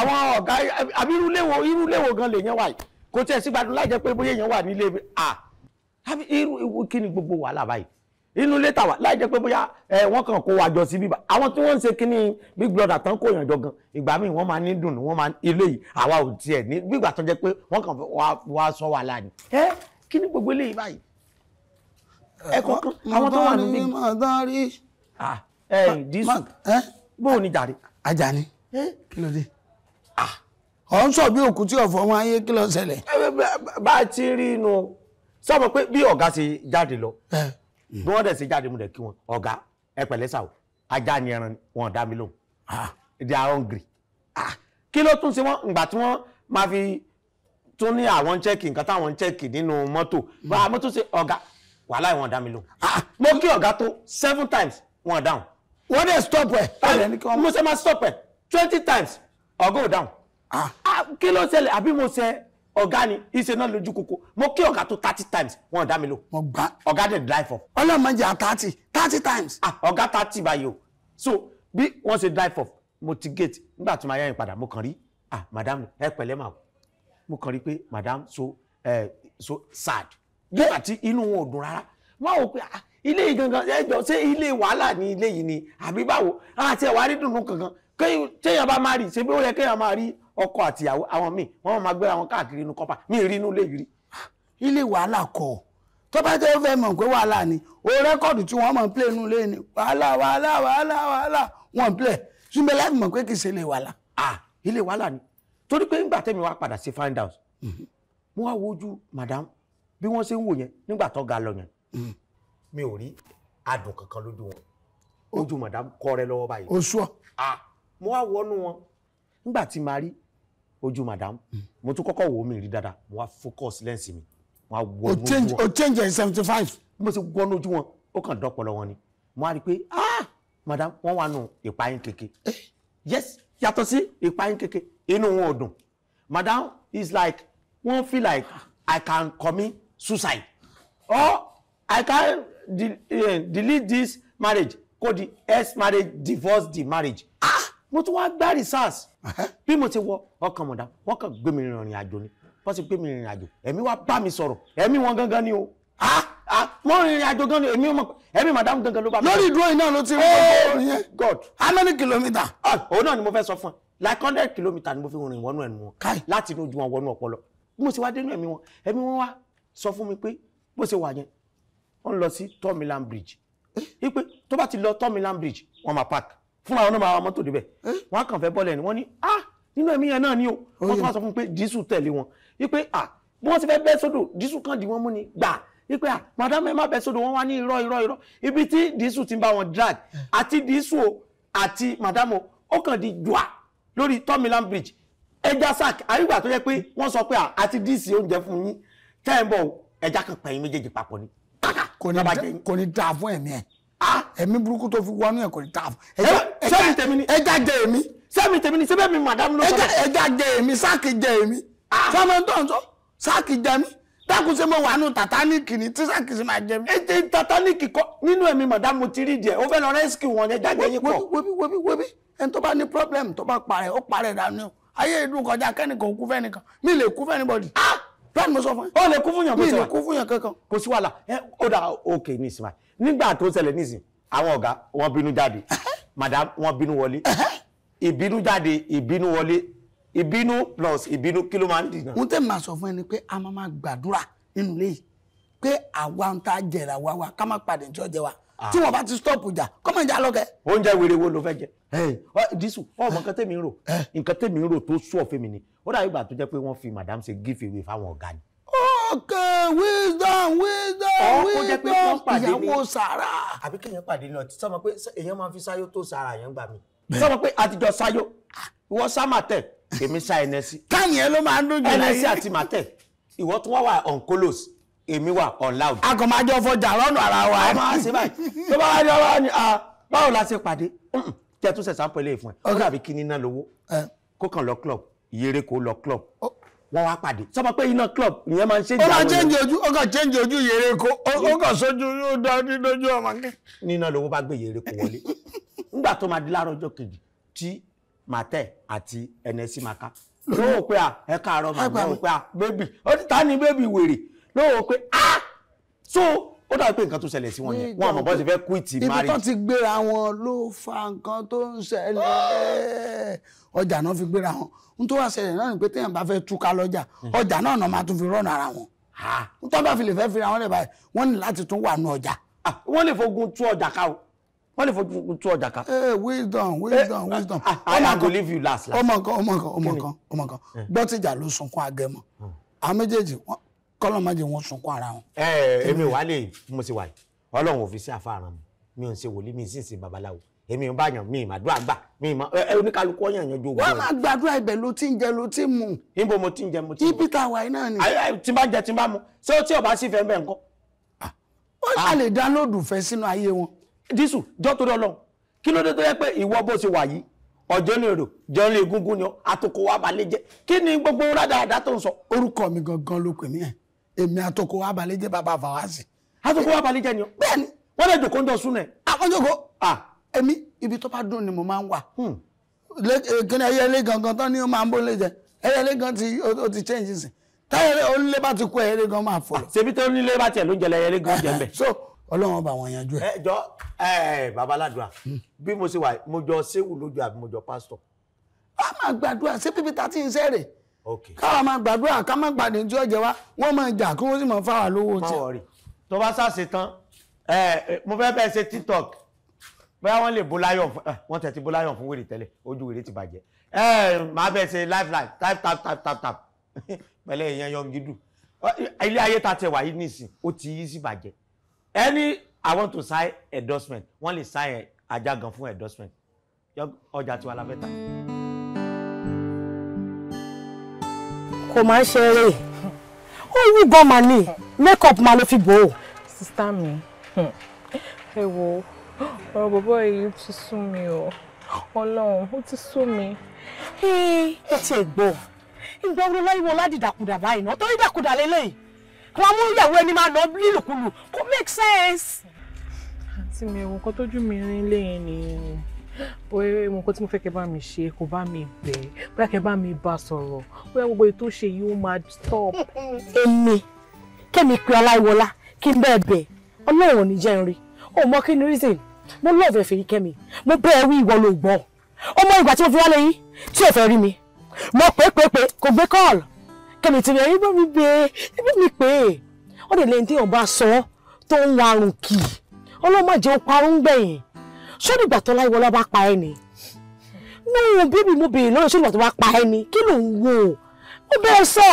àwọn ọ̀gá àbí irúléwò irúléwò gan lè yẹn wà yìí kò tẹ̀ sí gbádùn láì jẹ́ pé bóyá èèyàn wà nílé à àbí irú kí ni gbogbo wàhálà báyìí inú ilé tàwa láì jẹ́ pé bóyá ẹ wọ́n kàn kó wa sí bíbá àwọn tí wọ́n ń ṣe kínní big brother tán kó yànjọ gan ìgbà míì wọ́n máa ní dùnú wọ́n máa ilé yìí àwa ò tiẹ̀ ní gbígbà tó jẹ́ pé wọ́n kàn wá sọ wàhálà ni ẹ kí ni gbogbo eléyìí báyìí ẹ̀kọ́ kan àwọn tó wà ní big brother. ẹ ẹ dísù bóun ni jàre. ajá ni kí ló dé ọ̀ ń sọ bí òkú tí ọ̀fọ̀ wọn ayé kí ló ṣẹlẹ̀. bá a ti rí inú sọmọ pé bí ọ̀gá ṣe jáde lọ bí wọ́n dẹ̀ ṣe jáde mu dẹ̀ kí wọn ọ̀gá ẹ pẹ̀lẹ́ sàwọ̀ ajá ni ẹran wọn dá mi lóhùn they are hungry kí ló tún ṣe wọn ìgbà tí wọ́n máa fi tún ní àwọn chẹ́ẹ̀kì nǹkan táwọn chẹ́ẹ̀kì nínú mọ́tò hmm. bá a mọ́tò ṣe ọ̀gá wàhálà ìwọ̀n dá mi lóhùn mo kí ọ̀gá tó seven times wọn dáhùn. wọ́n dẹ̀ stop ẹ̀. mo ṣe máa stop ẹ̀ twenty times ọ̀gá ò dáhùn Ah. Ah, kí ló ṣẹlẹ̀ àbí mo ṣe ọ̀gá ni iṣẹ́ náà lójú kókó mo kí ọ̀gá tó thirty times wọn ò dá mi lò. mo gbà ọ̀gá dẹ̀ drive off. ọlọ́mọ jẹ́ thirty thirty times. Ah, ọ̀gá thirty báyìí o so bí wọ́n ṣe drive off mo ti gate nígbà tí màá yá yín padà mo kàn rí ah madam ẹ pẹ̀lẹ́ mà o mo kàn rí pé madam so eh, so sad nígbà tí inú wọn ò dùn rárá wọn ò pé ah ilé yìí gangan ẹjọ ṣé ilé wàhálà ni ilé yìí ni àbí báwo àti ẹwà rí dùnú kankan kéèyàn bá má rí ṣebí ó yẹ kéèyàn má rí ọkọ àtìyàwó àwọn míì wọ́n máa gbéra wọn káàkiri inú kọ́pà mí rí inú léyìí rí. ilé wàhálà kọ tó fẹ́ mọ̀ pé wàhálà ni o rẹ́kọ̀dù tí wọ́n máa ń play inú ilé ni wàhálà wàhálà wàhálà wàhálà wọ́n play ṣùgbọ́n láti mọ̀ pé kì ṣe ilé wàhálà. ah ilé wàhálà ni torí pé nígbà tẹ́mi wá padà sí find out mm-hmm. mo wá wojú madam bí wọ́n ṣe ń wò yẹn nígbà tó ga lọ yẹn mm-hmm. mi ò rí adùn kankan lójú wọn ojú madam kọ́ rẹ lọ́wọ́ báyìí. ah mo wá wọnú wọn nígbà tí màá rí ojú madam mo tún kọ́kọ́ wò ó mi rí dáadáa mo wá focus lens mi mo wá wọ ojú wọn. o change in seventy five. mo ti wọnú ojú wọn ó kàn dọ́pọ̀lọ́ wọn ni mo wá rí i pé ah madam wọ́n wà nù ìpayín keke eh. yes yàtọ̀ sí ìpayín keke inú wọn ò madam is like wọ́n feel like i can commit suicide or i can de uh, delete this marriage kó di ex marriage divorce the marriage. Ah mo tún wá gbá research bí mo ti wọ ọkàn mọ̀dá wọ́n kàn gbé mi rìnrìn àjò ni bó ti gbé mi rìnrìn àjò ẹ̀mí wá bá mi sọ̀rọ̀ ẹ̀mí wọn gangan ni o wọ́n ah, ah. rìnrìn àjò gan ni èmi mọ̀ ẹ̀mí madam gangan ló bá mi. lórí ìdúró iná ló ti ń bọ̀ eh, yẹn god how many kilometre. Ah, òun náà ni mo fẹ́ sọ fún ẹ like hundred kilometre ni mo fi rìn wọnú ẹnu wọn láti inú ojú wọn wọnú ọpọlọ bí mo ti wá dénú ẹ̀mí wọn ẹ̀mí wọn wá sọ fún mi pé bó ṣe wà yẹn wọ́n lọ sí Third Bridge eh? wípé tó bá ti lọ Third Bridge wọ́n máa park fúnra wọn náà máa wa mọ́tò débẹ̀ wọn á kàn fẹ́ bọ́ọ̀lù ẹni wọ́n ní ah nínú ẹ̀mí yẹn náà ni o wọ́n tún wá sọ fún pé dísù tẹ̀lé wọn wípé ah bí wọ́n ti fẹ́ bẹ́ sódò dísù kan dì wọ́n mú ni gbà wípé ah madame ẹ má bẹ́ sódò wọ́n wá ní irọ́ irọ́ irọ́ ibi tí dísù ti ń bá wọn drag àti dísù o àti madame ó kàn di dùà lórí tọ́milan bridge ẹja sack àrígbà tó yẹ pé wọ́n sọ pé àti ah, díìsì oúnjẹ fún yín tẹ́ ẹ̀ ń bọ̀ ẹja kan pẹ̀yìn méjèèjì papọ̀ ni kò ní dáa fún ẹ̀mí ẹ̀ ah! ẹ̀mí burúkú tó fi wọnú ẹ̀ kò ní dáa fún ẹ̀jẹ̀ sẹ́mi tèmi ni ẹja jẹ èmi sẹ́mi tèmi ni sẹ́mi mi madam ló sọ bẹ́ẹ̀. ẹja jẹ èmi sáàkì jẹ èmi sọmọ ah. tó ń sọ sáàkì jẹ mi dákun ṣe mo wà nù tàtánìkì ni tí sáàkì sì máa jẹ mi. ẹ jẹ tàtánìkì kọ nínú ẹ̀mí madam mo ti rí díẹ̀ ó fẹ́ lọ rẹ́síkì wọn ẹja jẹ yín pọ̀. wóbi wóbi wóbi ẹni tó bá ní problem tó bá parẹ́ ó parẹ́ dànù ayé ìdún kọjá kẹ́nìkan kú fẹ́nìkan mi lè kú fẹ́nìbọ̀dì. bẹ́ẹ̀ ah! ni mo sọ fún yín. ó lè kú fún yàn kó sí wàhálà mi lè kú fún yàn kankan. kò sí wàhálà ó dà ókè nígbà tó ṣẹlẹ̀ nísìnyí àwọn ọ̀gá wọn bínú jáde madam wọ́n bínú wọlé ìbínú jáde ìbínú wọlé ìbínú plus ìbínú kí ló máa ń dìgbà. wọ́n tẹ̀ máa sọ fún ẹni pé a máa máa gbàdúrà nínú ilé yìí pé àwa ń ta jẹ̀rà wa wa ká má padà tí ọjẹ́ wa ah. tí wọ́n bá ti stop jà kọ́ máa jà lọ́kẹ́. oúnjẹ wèrè wo ló fẹ́ jẹ dísù eh. ọmọ nǹkan tèmi ń rò eh. nǹkan tèmi ń rò tó sú ọ̀fẹ́ mi ni ó dàbí ìgbà tó jẹ́ pé wọ́n fi madam ṣe gift fáwọn ọ̀gá ni okay wisdom wisdom wisdom ìyàwó sàrà. àbí kéèyàn pàdé náà sọmọ pé èèyàn máa fi sáyó tó sàrà yẹn gbà mí. sọmọ pé àtijọ́ sáyó ìwọ sá màtẹ èmi sá ẹnẹsì. káyìn ẹ ló máa ń dún jù láyé ẹnẹsì àti màtẹ ìwọ tún wá wà on colos èmi wà on loud. a kò máa jọ fọjà lọ́nà ara wa. a máa ṣe báyìí tó bá wá ní ọwọ́ ni ah, báwo la ṣe pàdé tẹ tún ṣẹ̀ṣà ń ìfún ẹ ó dàbí kí ní lówó eh. kó kàn lọ club ìyèrè kó lọ club wọ́n wá pàdé sọ́mọ pé iná club ìyẹn máa ń ṣe ìjà wọlé. ó máa change ojú ó kàn change ojú yèrè ko ó ó dá ọmọ kẹ́. níná lówó bá gbé yèrè ko wọlé nígbà tó máa di kejì tí màtẹ́ àti ẹnẹsí máa ká lówó pé ẹ káàárọ̀ màmá pé bébì ó ti ni bébì wèrè lówó pé so ó dàbí pé nǹkan tó ṣẹlẹ̀ sí wọn yẹn wọn àmọ́ bọ́sì fẹ́ quit marriage. ibi tó ti gbéra wọn ló fa nǹkan tó ń ṣẹlẹ̀ ọjà náà fi gbéra wọn n tó wá ṣẹlẹ̀ náà ni pé téèyàn bá fẹ́ túká lọ́jà ọjà náà náà máa tún fi rọ́ọ̀nù ara wọn. n tó bá fi lè fẹ́ fira wọn lè báyìí wọ́n ní láti tún wà nù ọjà. Ah, wọ́n lè fogun tú ọjà ká o wọ́n lè fogun tú ọjà ká. ee eh, wisdom eh, wisdom ah, wisdom. Ah, I am go leave you last last. ọmọ kan ọmọ kan ọmọ kan ọmọ kan eh. gbọ́tìjà ló sunkún agẹmọ hmm. àwọn méjèèjì kọ́lọ́ má jẹ́ wọn sunkún ara wọn. ẹ ẹ èmi wà lè mo ti wà yìí ọlọ́run ò fi sí àfàràn mi mi ò ń ṣe wòlíì mi ì sì ń sin babaláwo èmi ò bá yàn mi ìmàdúrà gbà mi ìmà ẹ oníkálukú ọyàn yanjú ogun. wọ́n máa gbàdúrà ibẹ̀ ló ti ń jẹ ló ti ń mu. níbo mo ti ń jẹ mo ti ń mu. ibi tá a wà yìí náà ni. tí n bá jẹ tí n bá mu ṣé o tí o bá sì fẹ́ bẹ́ẹ̀ ó yà ah, lè dánlóòdù fẹ́ sínú ayé wọn. dísù jọ́ torí ọlọ́run kí ló dé tó yẹ pé ìwọ bó ṣe wà yìí ọjọ́ ní èrò jọ ní egungun ni àtòkò wa balẹ̀ jẹ́ kí ni gbogbo rádàrádà tó ń sọ. orúkọ mi gangan ló pè mí ẹ̀ èmi àtọkọ abalẹ jẹ baba fàwásì. àtọkọ abalẹ jẹ ni ọ. bẹ́ẹ̀ni wọn lè jòkó ń dọsùn nẹ. àwọn jòkó èmi ibi tó bá dùn ni mo máa ń wà. Hmm. E, kí ni ẹyẹlé gangan tán ni ó máa ń bó lè jẹ ẹyẹlé gan ti ó ti change sí. táyẹlé onílé bá ti kú ẹyẹlé gan máa fọlọ. Ah, ṣebí tó nílé bá tiẹ̀ ló ń jẹ ẹyẹlé gan jẹ mbẹ. so ọlọ́run ọba wọn yanjú ẹ. ẹ jọ ẹ babaládùá hmm. bí mo ṣe wà mo jọ séwù lójú àbí mo jọ pásítọ̀. a máa gbàdúrà ṣé bíbí ta ti ń sẹ́rẹ̀ káwa máa gbàdúrà ká má gbàdé tí ó jẹ wá wọ́n máa jà kí wọ́n sì máa fáwà lówó tí. tó bá sàṣe tán mo fẹ́ bẹ́ẹ̀ ṣe tiktok bóyá wọ́n lè bó láyọ̀ fún wọ́n tẹ̀ ti bó láyọ̀ fún wèrè tẹ́lẹ̀ ojú wèrè ti bàjẹ́ máa bẹ́ẹ̀ ṣe live live tap tap tap tap tap pẹ̀lẹ́ èèyàn yọm gídù ilé ayé ta tẹ̀ wáyé nìsín ó ti yí sí bàjẹ́ ẹni i want to sign endorsement wọ́n lè sign ajá gan fún endorsement ọjà tiwa la fẹ́ ta. o máa ń ṣe eré ó wú gan mà ní makeup máa ló fi bò ó. sista mi hmm, ẹ wo ọ̀rọ̀ bọ̀bọ̀ yìí ti sú mi o ọlọ́run ó ti sú mi. ẹ ti ẹ̀ gbọ́ ìgbà wo láyé wọn ládìdàkudà báyìí náà torí dàkudà lélẹ́yìí wọn mú ìyàwó ẹni máa nà lílùkulù kò make sense. àǹtí mi ẹ̀wọ̀n kan tójú mi rin lẹ́yìn nìyẹn bóyá mo kó tí mo fẹ́ kẹ́ bá mi ṣe kó bá mi bẹ̀ bóyá kẹ́ bá mi bá sọ̀rọ̀ bóyá gbogbo ètò ṣe yìí máa stop. èmi kẹ́mi pe aláìwọlá kí n bẹ́ẹ̀ bẹ̀ ọlọ́run ò ní jẹ́ nrí ó mọ kí ni reason mo lọ́ọ̀fẹ́ fèyí kẹ́mi mo bẹ́ẹ̀ wí ìwọ ló gbọ́ ọmọ ìgbà tí mo fi wá lẹ́yìn tí ò fẹ́ rí mi mo pè pè pè kò gbé kọ́ọ̀lù kẹ́mi ti rí ẹ̀yìn bá mi gbé ẹbí mi pè é ó lè lẹ́yìn tí òun bá sọ tó ń warùn kì ọlọ́mọ jẹ́ ó parun gbẹ̀yìn ṣọ́dìgbà tó láìwọlá bá pa ẹ́ ni no bébì mo béèrè lọ́rọ̀ ṣọ́dìgbà tó bá pa ẹ́ ni kí ló ń wò ó ó bẹ́ẹ̀ sọ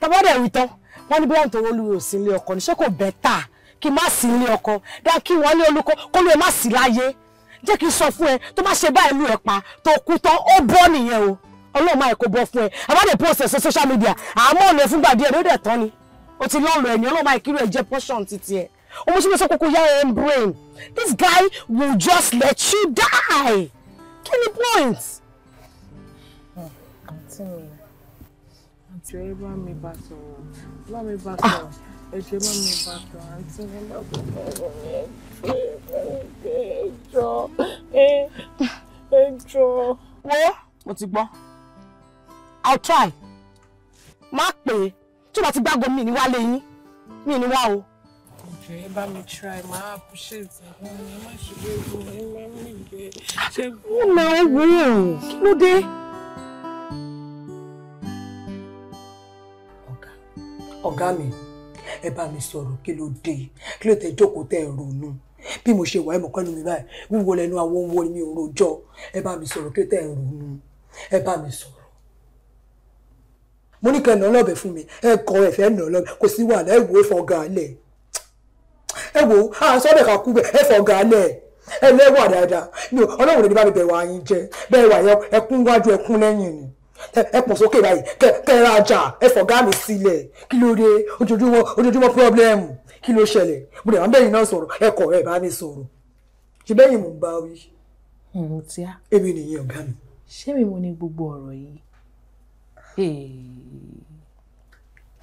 tàbá dẹ̀ rí tán wọ́n ní bóyá nítorí olúwe ò sí ilé ọkọ ní ṣé kò bẹ́ẹ̀ tà kí má sí ilé ọkọ dá kí wọ́n lé olúkọ kó lóye má sí láyé jẹ́ kí n sọ fún ẹ tó má ṣe báyìí lù ẹ pa tó kú tán ó bọ́ nìyẹn o ọlọ́run máa kó bọ́ fún ẹ àbádẹ́ post ẹ̀ sí social media àmọ́ ọ̀nà ẹ̀ fúngbà díẹ̀ ló dẹ̀ tán ni o ti lọ́ọ̀lọ́ ẹ̀ ní ọlọ́run máa kírò ẹ̀ jẹ́ portion títí ẹ̀. Almost you so your own brain. This guy will just let you die. Any point? Àǹtí hmm, mi, àǹtí ẹ bá mi bá sọ̀rọ̀, bá mi bá ah. sọ̀rọ̀, ẹ jẹ́ bá mi bá sọ̀rọ̀, àǹtí mi bá sọ̀rọ̀ mi ẹ jọ, ẹ jọ. Wo mo ti gbọ́, I'll try, má pè é, tí o bá ti gbàgbọ́ mi ní wá lẹ́yìn, mi ní wá o jọ ẹ mi try máa appreciate ẹ ẹ má ṣe gbé egun mi gbé ṣe gbé. ó na ẹgbẹ́ ẹ̀ o kí ọ̀gá mi ẹ bá mi sọ̀rọ̀ kí ló dé kí ló tẹ jókòó tẹ ẹ ronú bí mo ṣe wà ẹ mọ̀ kọ́ni mi báyìí wíwo lẹnu àwọn mi ò rojọ́ ẹ bá mi sọ̀rọ̀ kí ló tẹ ronú ẹ bá mi sọ̀rọ̀ mo ní kẹ́ ẹ̀ nà ọlọ́bẹ̀ fún mi ẹ kọ́ ẹ fẹ́ nà ọlọ́bẹ̀ kò sí wàhálà ẹ wò é fọgà lẹ̀ ẹ wò ó àsọdẹ kà kú bẹ ẹ fọgà lẹ ẹ lẹwà dáadáa ni Ọlọ́run ní bá mi bẹwà yín jẹ bẹwà yẹ ẹkún wájú ẹkún lẹ́yìn ni ẹ pọ̀ sókè báyìí kẹrẹ ajá ẹ fọgà mi sílẹ̀ kí ló dé ojoojúmọ́ ojoojúmọ́ pírọblẹmù kí ló ṣẹlẹ̀ mo dẹ̀ wọ́n bẹ́yìn náà sọ̀rọ̀ ẹ kọ̀ ẹ bá mi sọ̀rọ̀ ṣe bẹ́yìn mò ń bá wí. mo hmm, ti á. èmi nìyẹn ọ̀gá mi. ṣé mi mo ní gbogbo ọ̀rọ̀ yìí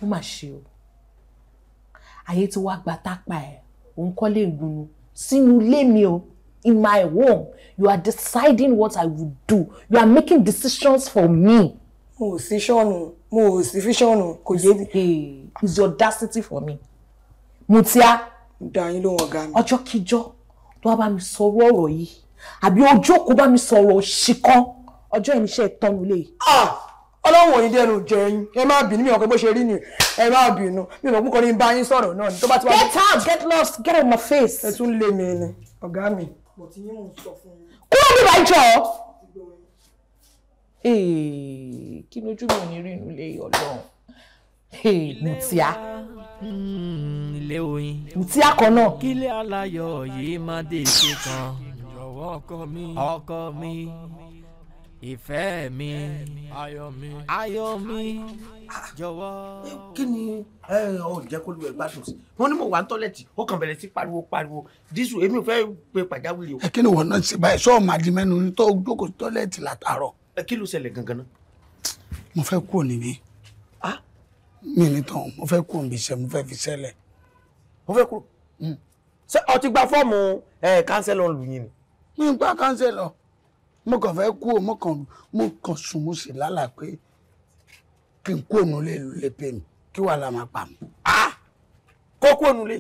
ó mà ṣe o ayé tí wàá gba tápà ẹ̀ òun kọ́lé ìgbónú sínú ilé mi o in my home you are deciding what I will do you are making decisions for me. mo ò sí sọ́ọ̀nù mo ò sí fíṣọ́ọ̀nù kò yé mi. is your audacity for me. mo ti á. dàyín ló wọn ga mi. ọjọ́ kíjọ́ tó wá bá mi sọ̀rọ̀ ọ̀rọ̀ yìí àbí ọjọ́ kó bá mi sọ̀rọ̀ òṣì ọjọ́ ìníṣẹ́ ìtọ́nu lè. ah ọlọ́run òyìn dẹnu jẹ yín ẹ má bínú mi ò bó ṣe rí ni ẹ má bínú mi ò kúkọ ní bá yín sọ̀rọ̀ náà ni tó bá ti wá. get out get lost get on my face. ẹ tún lé mi ni ọ̀gá mi. kúrò bíbá ìjọ. kí lójú mi ò ní rí inú ilé ọlọ́run mutia hmm, ilé oyin mutia kan náà. kílẹ̀ aláyọ̀ yìí má dé ṣe kan ọkọ mi ọkọ mi ìfẹ́ mi ayọ̀ mi ayọ̀ mi jọ̀wọ́. kí ni ọ jẹ́ kó lu ẹ̀ gbádùn sí wọ́n ní mo wà ní tọ́lẹ̀tì ó kàn bẹ̀rẹ̀ sí pariwo pariwo dísù èmi ò fẹ́ pe pàjáwìrì o. kí ni wọn náà ṣe báyìí sọ ọmọ àdìmẹ́ nu ní tó jókòó tọ́lẹ̀tì látàárọ̀. kí ló ṣẹlẹ̀ gangan náà. mo fẹ́ kúrò níbí mi ní tán mo fẹ́ kúrò níbi iṣẹ́ mo fẹ́ fi ṣẹlẹ̀. mo fẹ́ kúrò hmm. ṣé o ti gba fọ́ọ̀mù kánsẹ́lọ̀ lù mo kàn fẹ́ kú o mo kàn mo kàn sùn mo sì lálà pé kí n kú òun lè lè pè mí kí wàá la máa pa mí. Ah! kó kú òun lè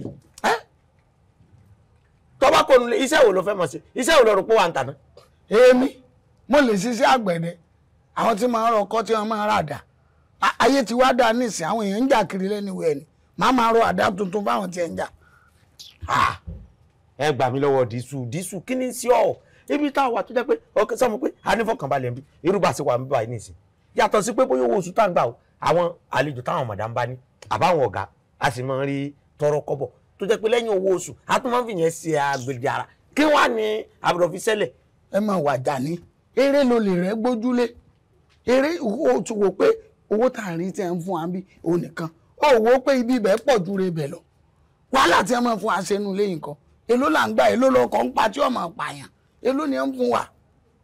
tọ́ba kó òun lè iṣẹ́ wo ló fẹ́ mọ̀ sí iṣẹ́ wo ló rò pé wà ń tàná. èmi mo lè ṣiṣẹ́ àgbẹ̀dẹ àwọn tí máa rọ ọkọ tí wọ́n máa rà dà ayé ti wá dáa nísìn àwọn èèyàn ń jà kiri lẹ́nu ìwé ẹni màá máa rọ àdá tuntun fáwọn tí ẹ ń jà. Ah! ẹ gbà mí lọ́wọ́ dísù dísù kí ni sí ọ́ ibi tá a wà tó jẹ́ pé ọkẹ sọmọ pé a ní fọkànbalẹ̀ bí irúgbà sí wa ń bá yìí nìsín yàtọ̀ sí pé bóyá owó oṣù tá à ń gbà o àwọn àlejò táwọn mọ̀dá ń bá ní àbáwọn ọ̀gá a sì máa ń rí tọrọ kọ́bọ̀ tó jẹ́ pé lẹ́yìn owó oṣù a tún máa ń fi yẹn ṣe àgbèjì ara kí wá ní àbúrò sẹ́lẹ̀. ẹ máa wà dání eré ló lè rẹ gbójúlé eré o ti wò pé owó tààrin tí ẹ ń fún wa bí òun nìkan pé ibi ibẹ̀ pọ̀ ju re ibẹ̀ lọ wàhálà tí ẹ máa fún wa ṣe nulẹ̀ nǹkan èló là ń gbà èló lọkọ̀ ń pa tí ọmọ pààyàn èló ni wọ́n fún wa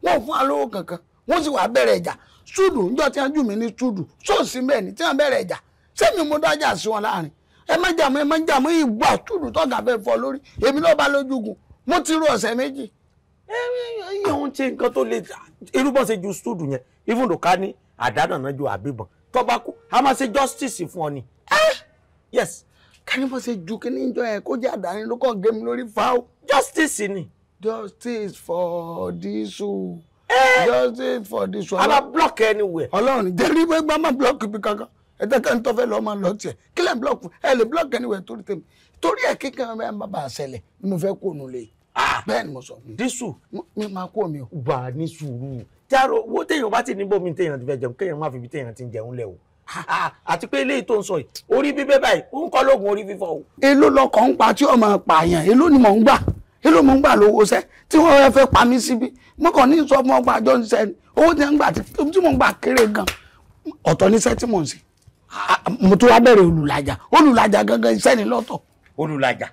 wọ́n fún wa lówó kankan wọ́n sì wá bẹ̀rẹ̀ ìjà ṣùdù níjọ́ tí wọ́n jù mí ní ṣùdù ṣọ́ọ̀ṣì bẹ́ẹ̀ ni tí wọ́n bẹ̀rẹ̀ ìjà sẹ́mi mo dájà sí wọn láàrin ẹ má jà mọ́ ẹ má jà mọ́ ìgbà ṣùdù tọ́gà fẹ́ fọ́ lórí èmi náà bá lójúgun mo ti rú ọ̀sẹ̀ méjì. ẹ ẹ ohun ṣe nǹkan tó le irúgbọ́n ṣe ju ṣùdù yẹn even though ká ní àdánà náà ju àbíbọn tó kú a máa ṣe justice fún ọ ni. yes. ká ní bó ṣe ju kí ní ìjọ yẹn kó jẹ́ àdáni ló kàn gé mi lórí fa justice ni justice for this o eh. justice for this o. a máa block anywhere. ọlọ́run jẹrí pé gbọ́n máa block ibi kankan ẹ jẹ́ kẹ́ni tó fẹ́ lọ́ọ́ máa lọ tiẹ̀ kí lẹ́ block ẹ lè block anywhere torí tèmi torí ẹ̀ kíkan ẹ má bàa ṣẹlẹ̀ ni mo fẹ́ kó nu lè. Ah. bẹ́ẹ̀ ni mo sọ. dísù mi máa kó mi o. wà á ní sùúrù járó owó téèyàn bá ti níbo mi téèyàn ti fẹ́ jẹun kéèyàn má fi ibi téèyàn ti jẹun lẹ̀ o ah. Ah, àti pé eléyìí tó ń sọ yìí orí bíbẹ́ báyìí ó ń kọ́ lóògùn orí fífọ́ o. èló lọkọ̀ ń pa tí ọmọ pààyàn èló ni mò ń gbà kí ló mọ̀ ń gbà lówó sẹ́ tí wọ́n fẹ́ pa mí síbi mo kàn ní sọ fún ọgbà àjọ ìṣẹ́ ni owó tí ń gbà tí mo ń gbà kéré gan ọ̀tọ̀ níṣẹ́ tí mò ń ṣe mo tún wá bẹ̀rẹ̀ olùlàjà olùlàjà gangan iṣẹ́ ni lọ́tọ̀. olùlàjà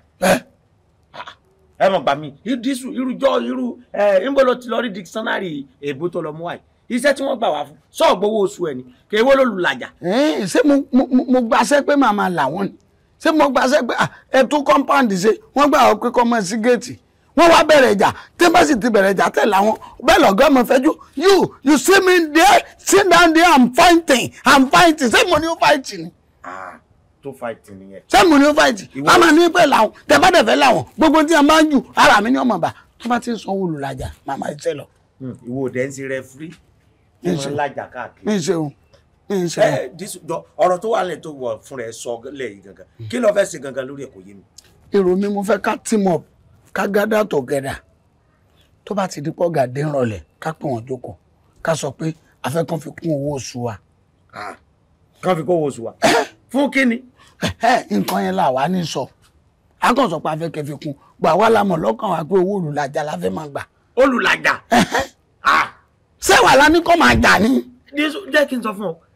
ẹ mọ̀ gbà mí irú jọ irú ẹ ti lọ rí dictionary èbó tó lọ mú wáyé iṣẹ́ tí wọ́n gbà wá fún sọ́ọ̀gbọ́wọ́ oṣù ẹ̀ ni kèwé lólùlàjà. ṣé mo gbàṣẹ́ pé màmá làwọn ni ṣé mo gbàṣẹ pé ah, ẹ compound ṣe wọ́n gbà ọ pé kọ́ mọ sí géètì wọ́n wá bẹ̀rẹ̀ ìjà tí bá sì ti bẹ̀rẹ̀ ìjà tẹ̀ láwọn bẹ́ẹ̀ lọ́gọ́ ọmọ fẹ́jú you you see me there sit down there i'm fighting i'm fighting ṣé mo ní ó fight ni. Ah, tó fight nìyẹn. ṣé mo ní ó fight a máa ní pẹ́ làwọn tẹ bá dẹ̀ fẹ́ làwọn gbogbo tí a máa ń jù ara mi ní ọmọ bá tó bá ti ń sanwó olùrajà màmá iṣẹ́ lọ. Hmm, ìwọ òde ń ṣe rẹfúrí tí wọ́n ń lajà káàkiri. ní ìṣeun ọ̀rọ̀ tó wà lẹ̀ tó wọ̀ fún rẹ̀ sọ lẹ́yìn gangan kí ló fẹ́ ṣe gangan lórí ẹ̀ kò yé mi. èrò mi mo fẹ́ ká team up ká gather together tó bá ti di pọ́ gàdé ńrọ̀lẹ̀ ká pè wọ́n jókòó ká sọ pé a fẹ́ kàn fi kún owó oṣù wa. kàn fi kún owó oṣù wa fún kíni. nǹkan yẹn là wá ní sọ a kàn sọ pé a fẹ́ kẹ́ fi kún gbà wá lámọ̀ lọ́kàn wa pé owó olùlàjà la fẹ́ máa gbà. olùlàjà. sẹ́wàá la ní kọ́ máa gbà ni. jẹ́ kí n sọ fún ọ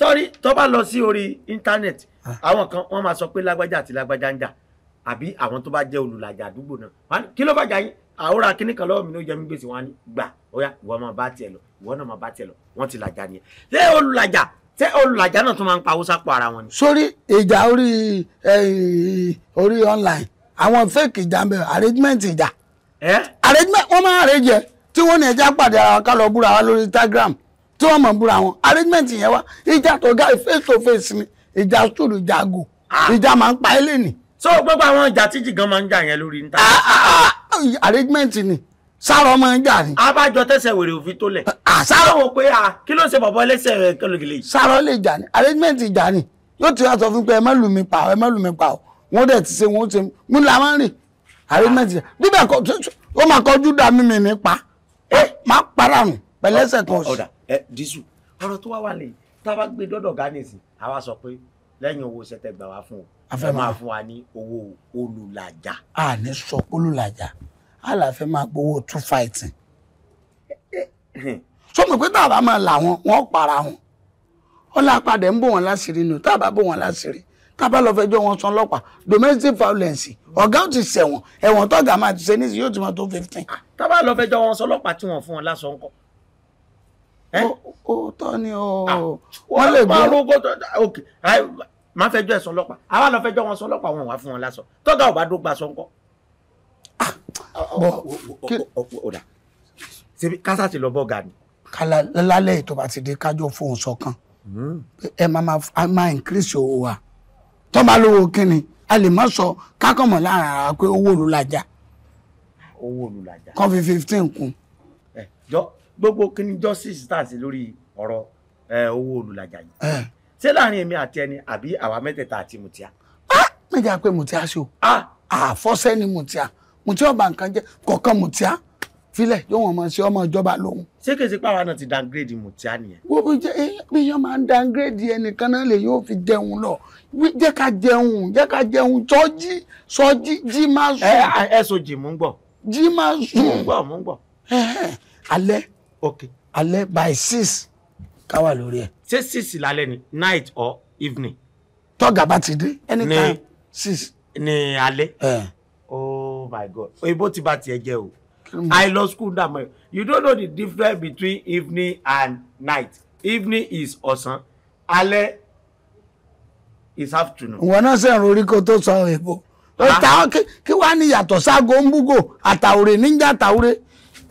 sọ́rí tó bá lọ sí orí íńtánẹ́ẹ̀tì ah. àwọn kan wọ́n máa sọ pé lágbájá àti lágbájá ń jà àbí àwọn tó bá jẹ́ olùlàjà àdúgbò náà kí ló bá jà yín àwòrán kínní kan lọ́wọ́ mi ló jẹ mí gbèsè wọn ni gbà óyá ìwọ máa bá tiẹ̀ lọ ìwọ náà máa bá tiẹ̀ lọ wọ́n ti làjà nìyẹn ṣé olùlàjà ṣé olùlàjà náà tún máa ń pa owó sápò ara wọn ni. sórí ìjà orí orí online àwọn fake ìjà ń bẹ arrangement ìjà. arrangement wọ́n máa arrange tí wọ́n ní ẹja pàdé ara ká lọ búra wa lórí Instagram tí wọ́n mọ̀ búra wọn arrangement yẹn wá ìjà tó ga face to face ni ìjà sùúrù ìjà àgò ah. ìjà máa ń pa ẹ́ lẹ́nìí. so gbogbo àwọn ìjà tíjì gan máa ń jà yẹn lórí níta. Ah, ah, arrangement ni sáárọ̀ máa ń jà ni. abájọ tẹsẹ̀ wèrè òfin tó lẹ̀. sáárọ̀ wò pé kí ló ń ṣe bọ̀bọ̀ ẹlẹ́sẹ̀ rẹ̀ kẹlẹ́kẹlẹ́. sáárọ̀ lè jà ni arrangement ìjà ni yóò ti wá sọ fún pé ẹ má lù mí pa ọ ẹ má lù mí pa ọ wọn dẹ̀ ti ṣe wọn ṣe mú la máa ń rìn arrangement ìjà nígbà kan ó máa kọjú dá mímì nípa eh. má para nù pẹ̀lẹ́sẹ̀ kan ọ̀sẹ̀ ẹ dísù ọ̀rọ̀ tó wá wà lè tá a bá gbé dọ́dọ̀ gánìsì àwa sọ pé lẹ́yìn owó iṣẹ́ tẹ gbà wá fún o ẹ máa fún wa ní owó olùlàjà. a ní sọ olùlàjà a là fẹ́ máa gbowó two fighting. sọ ma pé bàbá máa là wọn wọn para wọn ọlá padà ń bò wọn láṣìírí nù tá a bá bò wọn láṣìírí tá a bá lọ fẹjọ́ wọn sàn ọlọ́pàá domestic violence ọ̀gá ò ti ṣẹ̀wọ̀n ẹ̀wọ̀n tọ́gà máa ti ṣe níṣìí yóò ti máa tó fifteen. Ah, tá lọ fẹjọ́ wọn sàn ọlọ́pàá tí wọ́n fún wọn lásán kọ́ ó tọ́ ni o wọ́n lè gbọ́. wọ́n lè gbọ́ ok máa fẹjọ́ ẹ̀sán ọlọ́pàá àwa lọ fẹjọ́ wọn sọ ọlọ́pàá wọn wá fún wọn lásán tọ́gà ọba dó gba sọ́ńkọ́. ọ̀dà kásá ti lọ bọ́ ga ni. kálá lálẹ́ ètò bá ti dé kájọ fóun sọ̀kan ẹ máa máa increase owó wa tọ́ bá lówó kínni a lè má sọ kákànmọ́ láàrin ara pé owó olùlàjà owó olùlàjà kan fi fifteen kún gbogbo kini justice tá a oro, lórí ọ̀rọ̀ eh, owó olùlàjà yìí eh. ṣé láàrin èmi àti ẹni àbí àwa mẹ́tẹ̀ẹ̀ta àti mutia. Ah! méjà pé mutia ṣe o ah! ah, àfọ́sẹ́ ni mutia mutia ọba nǹkan jẹ́ kọ̀ọ̀kan mutia filẹ̀ yóò wọ́n mọ̀ sí ọmọ ìjọba lòun. ṣé kèsì pàwọn náà ti downgrade mutia nìyẹn. wo bí je, eh, bí yan máa ń downgrade ẹnìkan náà lè yóò fi jẹun lọ jẹ́ ká jẹun jẹ́ ká jẹun sọjí sọjí jí máa sùn. ẹ ẹ sọ jì mú ń gbọ́. jí máa sùn. mú ń gbọ́ mú ń gbọ́ ok alẹ́ by six ká wà lórí ẹ̀. ṣé six lálẹ́ ni night or evening. tọ́gà bá ti dé anytime six. ní alẹ́. oh my god òyìnbó ti bá tiẹ̀ jẹ́ o i love school that much you don't know the difference between evening and night evening is ọ̀sán alẹ́ is afternoon. ìwọ náà sẹ́yìn orí kó tó sọ òyìnbó. Ah. ó ta kí wàá ní yàtọ̀ ságo ń búgò àtàwòrè níjà àtàwòrè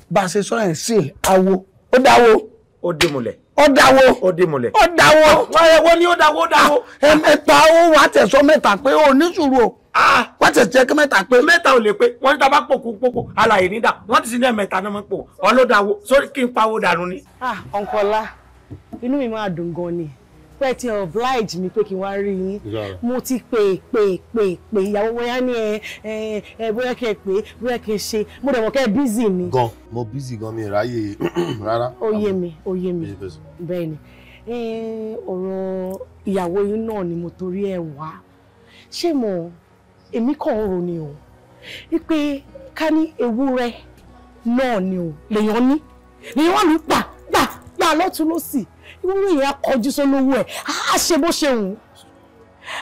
bá a ṣe sọ yẹn sí awo ó dáwó. ó dé mulẹ̀. ó dáwó. ó dé mulẹ̀. ó dáwó. wọ́n ní ó dáwó ó dáwó. ẹ mẹ́ta ó wà tẹ̀sọ́ mẹ́ta pé ó ní sùúrù o ah. wọ́n ti jẹ́ kí mẹ́ta pé. mẹ́ta ò lè pé wọ́n ní tábà pòkó pòkó alàyè nídà wọ́n ti sin ní ẹ̀mẹ́ta náà mọ́ pò ọlọ́dà wo sórí kí n pawó dànù ni. ah ọ̀nkọ́lá inú mi máa dùn gan ni pẹ́ tí oblige mi pé kí n wá rí yín mo ti pè pè pè pè ìyàwó wọn yá ní ẹ ẹ bóyá kẹ pé bóyá kẹ ṣe mo dẹ̀ mọ̀ kẹ́ bízì ni. gan mo bízì gan mi ráyè rárá. ó yé mi ó yé mi bẹ́ẹ̀ ni ọ̀rọ̀ ìyàwó yín náà ni mo torí ẹ̀ wá ṣé mo èmi kàn ń ni o wípé ká ní ewúrẹ́ náà ni o lèèyàn ní lèèyàn wà ní pa pa pa lọ́tún lọ́sì olówó yẹn á kọjú sólówó ẹ̀ á ṣe bó ṣe wù ú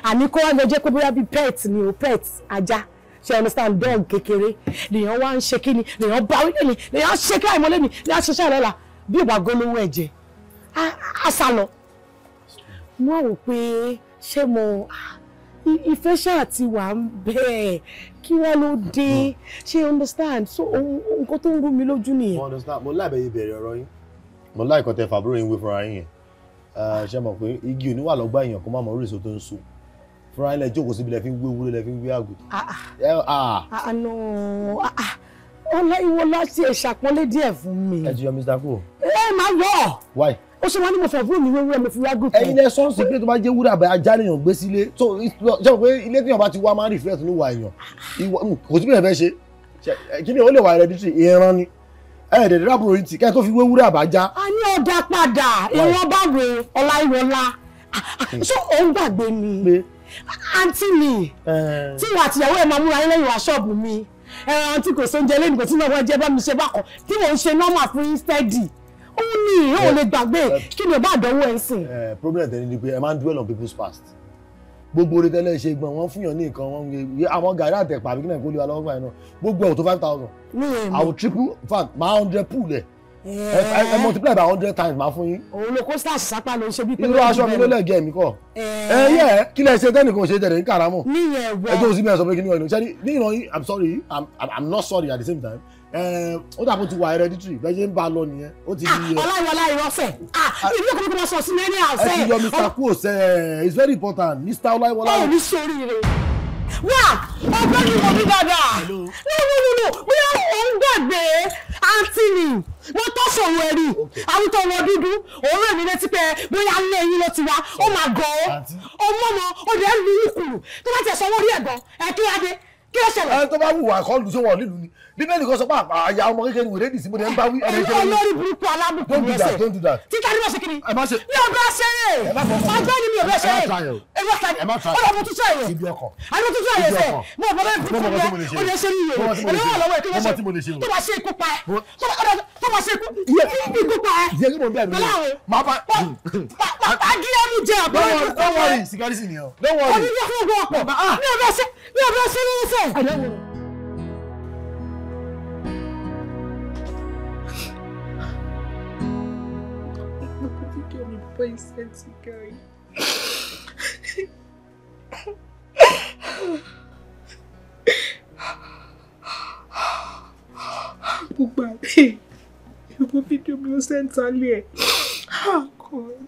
àní kó wá lọ jẹ́ pé bóyá bíi pet ni o pet ajá ṣe understand dog kékeré lèèyàn wá ń ṣe kíni lèèyàn bá wí lèèyàn lèèyàn ṣe kí àìmọ́lé mi lèèyàn ṣe ṣàlẹ́ la bí ìwà gólówó ẹ̀ jẹ́ á sá lọ. wọ́n rò pé ṣé mo ìfẹ́ ṣáà ti wà ń bẹ́ẹ̀ kí wọ́n ló dé ṣé understand so nǹkan tó ń rú mi lójú nìyẹn. mo understand mo láìbẹ̀ yìí bẹ̀rẹ̀ ọ̀rọ̀ yín mo láìkọ̀tẹ̀ fàbúrò yín wí fúnra yín yẹn Eh, ṣe mọ̀ pé igi òní wà lọ́gbà èèyàn kó má mọ oríṣi tó ń so fúnra ilẹ̀ jókòó síbi lẹ́fín wé wúlé lẹ́fín wé àgùntàn. Ah, ah. ah. àánú ọláyíwọ láti ẹ̀ ṣàpọ́nlé díẹ̀ fún mi. ẹ jiyàn mr kúrò. ẹ máa lọ. why ó ṣe wọn ní mo fẹ́ fún mi wéwúrẹ́ mi fún yàgò kan. ẹyin ẹsán sí pé tó bá jẹ́ wúrà bá ajá lèèyàn gbé sílé tó ṣe pé ilé tí èèyàn bá ti wá máa ń rìfẹ́ẹ̀tì ní wà èèyàn kò sí bí èèyàn fẹ́ ṣe kí ni ó lè wà rẹ̀ bí ìran ni ẹ̀ẹ́dẹ̀ẹ́dẹ́ rábùrò yìí tì kẹ́ẹ̀ tó fi wéwúrẹ́ àbájá. a ní ọ̀dà padà ìwọ̀n bá wo ọláìwọlá hmm. ṣé òun gbàgbé ni àǹtí mi tí ìwà àtìyàwó ẹ̀ máa múra lẹ́yìn wá ṣọ́ọ̀bù mi ẹran àǹtí kò sóúnjẹ lẹ́nu kò sí náà wọ́n jẹ́ bá mi ṣe bákan tí mò ń ṣe nọ́mà fún insteadi òun ni ìhóòlè gbàgbé kí ni ò bá àdánwò ẹ̀ sìn. problem tẹ́ni ni pé ẹ máa ń dwell on people's past gbogbo orí tẹ́lẹ̀ ṣe gbọ̀n wọ́n fún ní nǹkan wọ́n ń àwọn gàrí àtẹ̀pà àbí kílẹ̀ kó lọ́wọ́ báyìí náà gbogbo ẹ̀ five thousand. mi ò mọ̀ àwọn triple fact máa hundred pool ẹ̀ ẹ multiply by hundred times máa fún yín. òun ló kó stars sápá ló ń ṣe bí pé. irú aṣọ mi ló lẹ̀ gẹ̀ mí kọ́. ẹ yẹ kí lẹ ṣe tẹ́nìkan ṣe tẹ̀lé ní karamọ́. níyẹn wọ ẹjọ́ òsínbẹ̀ sọ pé kí ni wọ́n ẹ̀ ní ìran yín i'm sorry i'm i'm not sorry at the same time ó dàbò ti wà hereditary bẹ́ẹ̀ ṣe ń bá a lọ nìyẹn ó ti di. Ah, ọláyọlá irọ́fẹ̀ ah, ah. ìlú èkó kò máa sọ sí mẹ́rin àwọ̀fẹ́. ẹ ti yọ mr kúos eh, it's very important mr ọláyọlá. báwo ni sori rẹ wá ọgbẹ́ mi mọ̀ mi dáadáa lọ́wọ́lọ́wọ́ bóyá òun gbàgbé àǹtí mi wọ́n tọ́ sọ̀rọ̀ ẹ̀rí àwùjọ wọn dúdú òun rẹ̀ mí létí pé bóyá ilé yín ló ti wá ó máa gọ̀ ọ́ ọmọọmọ òde ẹ̀ lù ú kùrù tó bá tẹ̀ sọ́wọ́ rí ẹ̀gàn ẹ̀ kí adé kí ó ṣẹlẹ̀. ẹ tó bá wù wá kọ́ lù sọ́wọ́ nílùú ni bíbélì kan sọ pé ah, àyà ọmọ kékeré wèrè dì mo dé ń bá wí. olórí burúkú alábùkù yẹn ṣe don't do that. ṣe kí ni. mi ò bá ṣe é. ọgbẹ́ mi ò bá ṣe é. ẹ má ta ẹ má ta tún ṣe é. ibi ọkọ̀. àlọ́ tuntun àyè sẹ́ mo mọ̀ bẹ́ẹ̀ burúkú yẹn o lè ṣe níye. ẹ̀rọ wà lọ́wọ́ ẹ̀ kí wọ́n ṣe tó bá ṣe ikú pa ẹ̀ tó bá ṣe ikú pa ẹ̀. yẹ kí mo bẹ́ẹ̀ mi lọ. máa bá pàtàkì ẹnu jẹ àbúrò ìdókòwò. don't worry sikarisi ọ. bá ṣe mi ò bá ṣe ní point sense you going. gbogbo àti ìwọ your mi ó sẹ́ńtálì Oh God.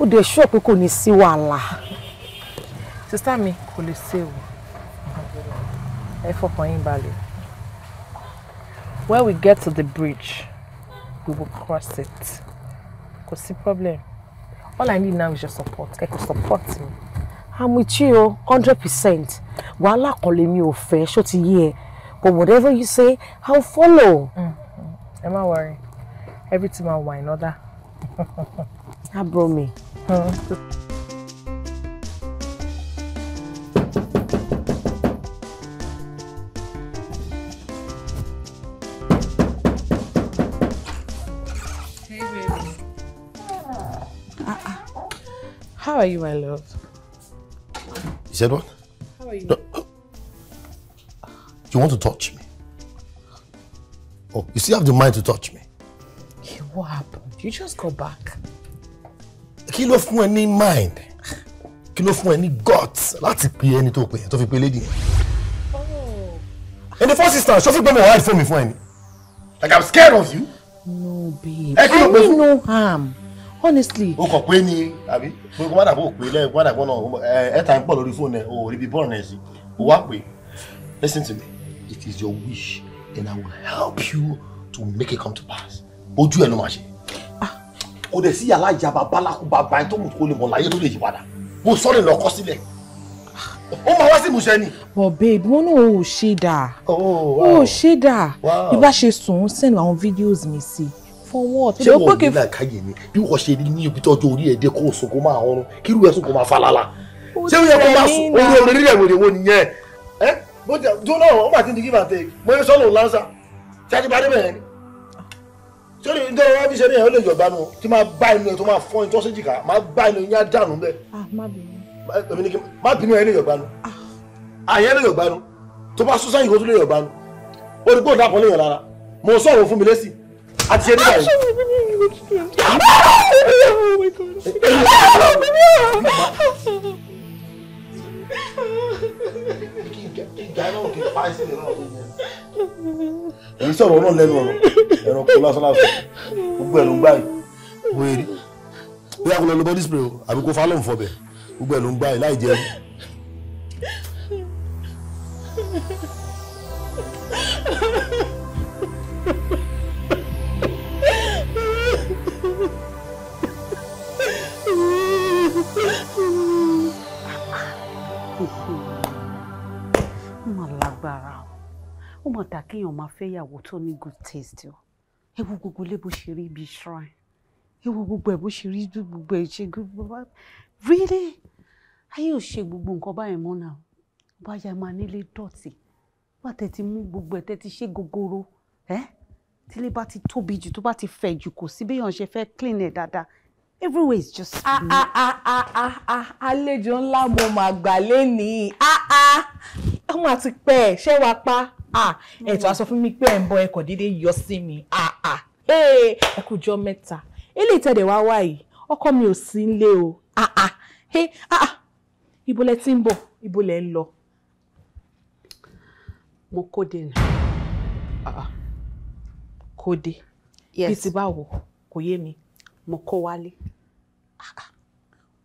ó dẹ̀ ṣọ́ pé kò ní sí wàhálà. sísá mi kò lè ṣe o ẹ fọkàn yín balẹ̀. when we get to the bridge we will cross it kò sí problem all i need now is your support ẹ kò support me. I'm with you hundred percent wàhálà kan lèmi ò fẹ́ ṣó ti yé ẹ but whatever you say I'll follow. Mm-hmm. ẹ má worry. everything I want in order. that brought me. Huh? Hey, baby. how are you, my love? You said what? How are you? No. You want to touch me? Oh, you still have the mind to touch me? Hey, what happened? You just got back. Kí ló fún ẹ ní mind? Kí ló fún ẹ ní guts láti pe ẹni to pe ẹ tó fi pe lady Oh. In the first instance, Sophie Bemo hide phone me for any. Like I'm scared of you. No, babe. I mean no harm. Honestly. O kò pé ni, àbí? Mo ko wada ko pé le, wada ko na eh time pọ̀ lórí phone e, o ri bi born e si. O wá pé. Listen to me. It is your wish and I will help you to make it come to pass ojú ẹ ló máa ṣe ah. kò dẹ̀ sí yàrá ìjàmbá bálákùbá báyìí tó mú kó lè mọ̀ láyé tó lè yí padà mo sọ lè lọ kọ́ sílẹ̀ ó máa wá sí ìmúṣẹ ni. but babe wọn náà ò ṣe dáa oh, ò ṣe dáa ibà ṣe sùn ń send àwọn videos mi sí for what. ṣé wọn ò ní làákàyè ni bí wọn ṣe ní ibi tọjú orí ẹdẹ kó sùn kó máa ọrùn kí irú ẹsùn kó máa falala ṣé wọn yẹ kó máa sùn orí orí rẹ wèrè wo nìyẹn ẹ bó jẹ tó náà wọn bá ti di give and take mo yẹ sọlọ lansa ṣáàjì bá dé bẹ̀rẹ̀ ni sórí nítorí wọn fi ṣe níyàwó lè jọba nu tí máa bá inú ẹ tó máa fọ́n ìtọ́sí jìkà máa bá inú yín á dànù bẹ́ẹ̀. má bínú ẹ lè jọba nu àyẹ lè jọba nu tó bá sọ́sọ́ yìí kó tún lè jọba nu ó ní kó dàpọ̀ léèyàn lára mo sọ̀rọ̀ fún mi lẹ́sìn àti ẹni báyìí. Oh èyí sọ̀rọ̀ náà lẹ́nu ọ̀rọ̀ ẹ̀rọ kó lásánlásán gbogbo ẹ̀ ló ń gbà yìí wéèrè bí akọ̀lọ́ lọ body spray o àbí kó fálọ̀ ń fọbẹ̀ gbogbo ẹ̀ ló ń gbà yìí láì jẹ́ Ha ha ha. ó mà dà kéèyàn máa fẹ́ ìyàwó tó ní good taste o ẹ wo gbogbo ilé bó ṣe rí ibi shrine ẹ wo gbogbo ẹ bó ṣe rí gbogbo ẹ ṣe gbogbo really ayé ò ṣe gbogbo nǹkan báyẹn mọ́ náà báyà máa nílé dọ̀tí bá tẹ̀tí mú gbogbo ẹ̀ tẹ̀tí ṣe gogoro ẹ́ tílé bá ti tóbi jù tó bá ti fẹ̀ jù kò sí béèyàn ṣe fẹ́ clean ẹ̀ dáadáa everywhere is just. Ah, ah, ah, àlejò ńlá mo mà gbà lé ní ọmọ àti pẹ́ ṣé wàá pa. Ah, mm. ẹ tó a sọ fún mi pé ẹ ń bọ ẹ kò déédéé yọ sí mi ah, ah. ẹ kú jọ mẹ́ta eléyìí tẹ̀lé wá wá yìí ọkọ mi ò sí nílé o ibo lẹ ti ń bọ̀ ibo lẹ ń lọ. mo kóde nà kóde bí ti bá wò kò yé mi mo kó wálé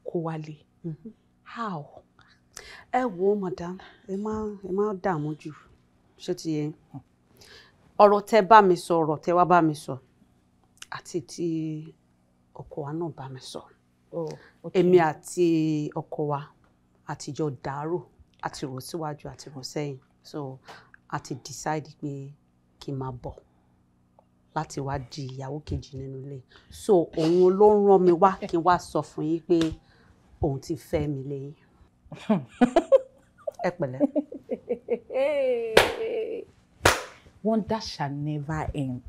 kó wálé mm-hmm. how ẹ wo madam ẹ má ẹ má dààmú jù ṣó ti yẹ ọ̀rọ̀ tẹ bá mi sọ ọ̀rọ̀ tẹ wá bá mi sọ àti tí ọkọ wa náà bá mi sọ oh, èmi àti ọkọ wa àtijọ́ dàárò àti rò síwájú àti rò sẹ́yìn so àti decide pé kí n máa bọ̀ láti wá di ìyàwó kejì nínú ilé so òun ló ń rán mi wá kí n wá sọ fún yín pé òun ti fẹ́ mi lẹ́yìn. ẹ pẹ̀lẹ́. wonder shall never end.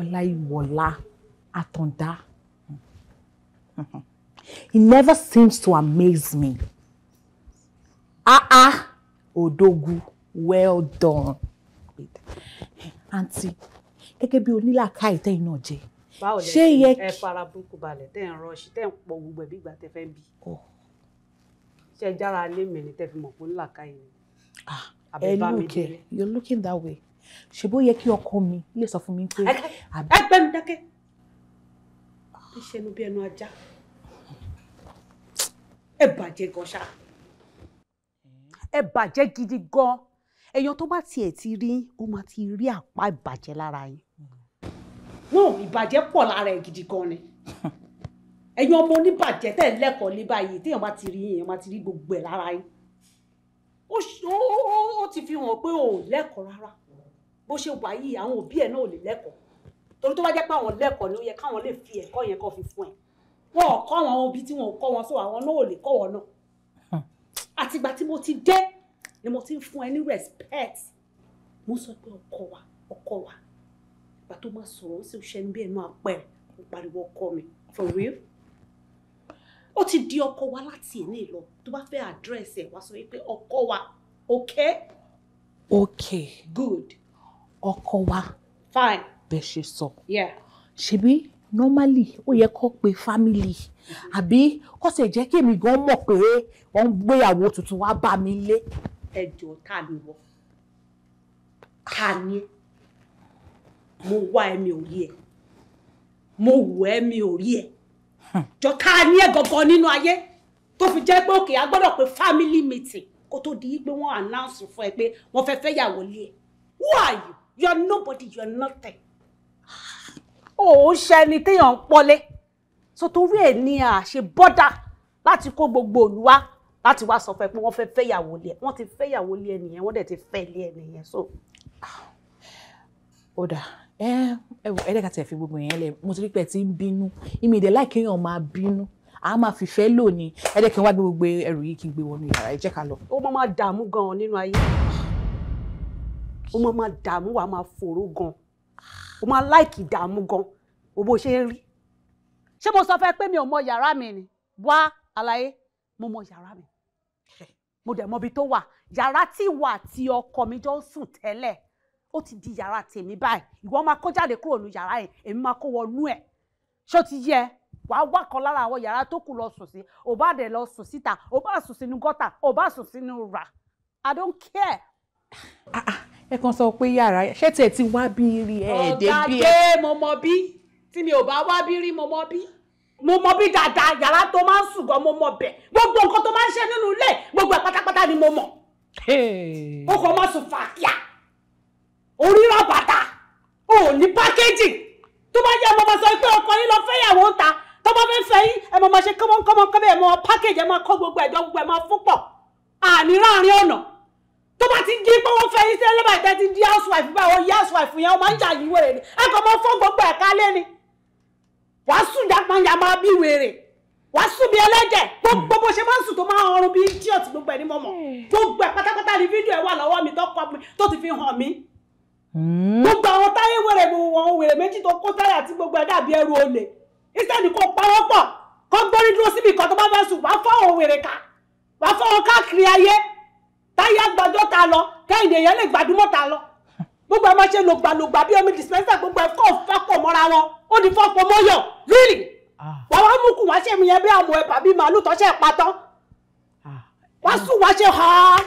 ọláyíwọlá àtàndá. He never seems to amaze me. ah ah odogu well done. àǹtí gẹ́gẹ́ bí onílàkà ìtẹ́yìn náà jẹ́ ṣé yẹ kí. báwo lẹ ṣe ẹ fara burúkú balẹ̀ tẹ́ ń rọ́ọ̀ṣì tẹ́ ń pọ̀ gbogbo ẹ̀ bí ìgbà tẹ́ fẹ́ bí. Oh ṣe jára lé mi ní tẹ́ mọ̀ pé ńlá káyé ni. ẹ lóòkè you're looking that way ṣebó yẹ kí ọkọ mi lè sọ fún mi pé. ẹ pẹ́ mi dákẹ́ iṣẹ́ nu bí ẹnu ajá ẹ bàjẹ́ gan ṣá ẹ bàjẹ́ gidi gan èèyàn tó bá tiẹ̀ ti rí ó máa ti rí àpá ìbàjẹ́ lára yín. no ìbàjẹ́ pọ̀ lára ẹ̀ gidi gan ni. ẹ̀yin ọmọ oníbàjẹ́ tẹ̀ lẹ́kọ̀ọ́ ní báyìí téèyàn bá ti rí èèyàn bá ti rí gbogbo ẹ̀ lára yín ó ti fi hàn pé ò lẹ́kọ̀ọ́ rárá bó ṣe wà yìí àwọn òbí ẹ̀ náà ò lè lẹ́kọ̀ọ́ torí tó bá jẹ́ pé àwọn lẹ́kọ̀ọ́ ni ó yẹ káwọn lè fi ẹ̀kọ́ yẹn kọ́ fi fún ẹ̀ wọn ò kọ́ àwọn òbí tí wọn ò kọ́ wọn sọ àwọn náà ò lè kọ́ wọn náà hmm. àtìgbà tí mo ti dé ni mo ti ń fún ẹ ní respect mo sọ pé ọkọ wa ọkọ wa ìgbà tó máa sọ̀rọ̀ ó sì ṣe bí ẹnu apẹ̀ ó pariwo ọkọ mi for real ó ti di ọkọ wa láti ẹni lọ tó bá fẹ́ àdírẹ́sì ẹ̀ wá sọ wípé ọkọ wa ok. ok good. ọkọ wa. fine. bẹ́ẹ̀ ṣe sọ. yeah. ṣebí normally ó yẹ kó pe family àbí kó sì jẹ́ kí èmi gan mọ̀ pé wọ́n ń gbéyàwó tuntun wá bá mi lé. ẹ jọ ta ni wọ ta ni mo wá ẹ̀mí orí ẹ̀ mo wù ẹ̀mí orí ẹ̀ jọ ká ní ẹ nínú ayé tó fi jẹ́ pé òkè a pé family meeting kó tó di pé wọ́n announce fún ẹ pé wọ́n fẹ́ fẹ́ yàwó lé ẹ who are you you are nobody you are nothing. ó ń ṣẹni téèyàn ń pọ́lé so torí ẹ̀ ní àṣẹ bọ́dà láti kó gbogbo olúwa láti wá sọ fún ẹ pé wọ́n fẹ́ fẹ́ yàwó lé ẹ wọ́n ti fẹ́ yàwó lé ẹ nìyẹn wọ́n dẹ̀ ti fẹ́ lé ẹ nìyẹn so. ó dáa ẹ eh, ẹ wò ẹ̀ẹ́dẹ́ka tẹ̀ fi gbogbo yẹn lẹ̀ mo ti rí pé ẹ ti ń bínú ìmì ìdẹ̀ láì kéèyàn máa bínú a máa fìfẹ́ lò ní ẹ̀ẹ́dẹ́kẹ́ wá gbé gbogbo ẹrù yìí kí n gbé wọnú yàrá ẹ jẹ́ ká lọ. ó máa dààmú gan-an nínú ayé ó máa dààmú wàá máa fòró gan-an ó máa láìkì dààmú gan-an ó bó ṣe ń rí. ṣé mo sọ fẹ́ pé mi ò mọ yàrá mi ni wá àlàyé mo mọ yàrá mi mo dẹ̀ mọ ibi tó wà yàrá tí wà tí ọkọ mi jọ ń sùn tẹ́lẹ̀ ó ti di yàrá tèmi báyìí ìwọ máa kó jáde kúrò ní yàrá yẹn èmi máa kó wọnú ẹ̀ ṣó ti yẹ wàá wá kan lára àwọn yàrá tó kù lọ sùn sí ò bá dẹ̀ lọ sùn síta ò bá sùn sínú gọ́tà ò bá sùn sínú rà I don't care. Ah, ah, ẹ kàn sọ pé yàrá ṣé tiẹ̀ ti wá bí rí ẹ̀ ẹ̀ dé bí ẹ. ọ̀gá gbé mo mọ bí tí mi ò bá wá bí rí mo mọ bí mo mọ bí dáadáa yàrá tó máa ń sùn gan mo mọ bẹ gbogbo nǹkan tó máa ń ṣe nínú ilé gbogbo ẹ pátápátá ni mo mọ. ó kọ́ mọ́ sùn fàákíà oríra bàtà ò ní pákéjì tó bá jẹ́ ọmọ sọ pé ọkọ yín lọ fẹ́yàwó ta tó bá fẹ́ fẹ́ yín ẹ máa ṣe kọ́mọ́kọ́mọ́ kọ́mọ́ ẹ máa pákéjì ẹ máa kọ́ gbogbo ẹ̀jọ́ gbogbo ẹ máa fún pọ̀ àní láàrin ọ̀nà tó bá ti di pé wọ́n fẹ́ yín sí ẹlẹ́bàá ìtẹ́ ti di housewife bá wọn yí housewife yẹn wọ́n máa ń jà yí wèrè ni ẹ kàn máa fọ́n gbogbo ẹ̀ka lé ni wàá sùn dápọn ya máa bí wèrè wàá sùn bí ẹlẹ́jẹ̀ gbogbo bó ṣe máa ń sùn tó máa ń rún bí idiot gbogbo ẹ̀ ní mọ̀mọ́ hmm. gbogbo ẹ̀ pátápátá ni fídíò ẹ̀ wà lọ́wọ́ mi tó kọ́ mi tó ti fi hàn mí Hmm? gbogbo àwọn táyé wẹ̀rẹ̀ gbogbo àwọn wẹ̀rẹ̀ méjì tó kó táyà tí gbogbo ẹ̀ dàbí ẹrù olè ìsẹ́ni kò parọ́ pọ̀ kó gbórí dúró síbi kan tó bá fẹ́ sùn wàá fọ́wọ́ wẹ̀rẹ̀ ká wàá fọ́wọ́ káàkiri ayé táyé àgbàjọ́ ta lọ kẹ́hìndé yẹn lè gbàdúmọ̀ ta lọ gbogbo ẹ̀ máa ṣe lògbàlògbà bí omi dispenser gbogbo ẹ̀ kọ́ fọ́pọ̀ mọ́ra wọn ó di fọ́pọ̀ mọ́yọ̀ rírì ah. wàá wá mú kù wá ṣe mi yẹn bí àmọ̀ ẹ̀ bàbí màálù tó ṣe pàtán ah. wàá sùn wá ṣe hàn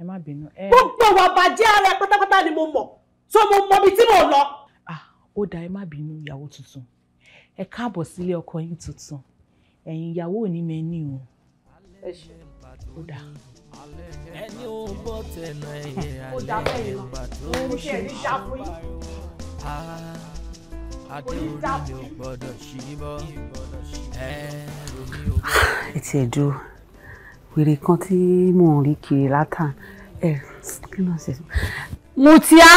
ẹ má bínú. gbogbo wa bàjẹ́ ara ẹ pátápátá ni mo mọ̀ tó mo mọ ibi tí mo lọ. Ah, ó dáa ẹ má bínú ìyàwó tuntun ẹ káàbọ̀ sílé ọkọ yín tuntun ẹ̀yin ìyàwó ò ní mẹ́ni o. ẹ ṣe ó dáa ẹni ò bọ́ tẹ̀nà ẹ̀yẹ alẹ́ ẹ̀gbà tó ṣe àdéhùn ah, mi ò gbọ́dọ̀ ṣí bọ́ ẹ̀rù mi ò gbọ́dọ̀ ah, ẹ ti dúró wèrè kan tí mò ń rí kiri látàn ẹ kí ló ń ṣe. mo ti á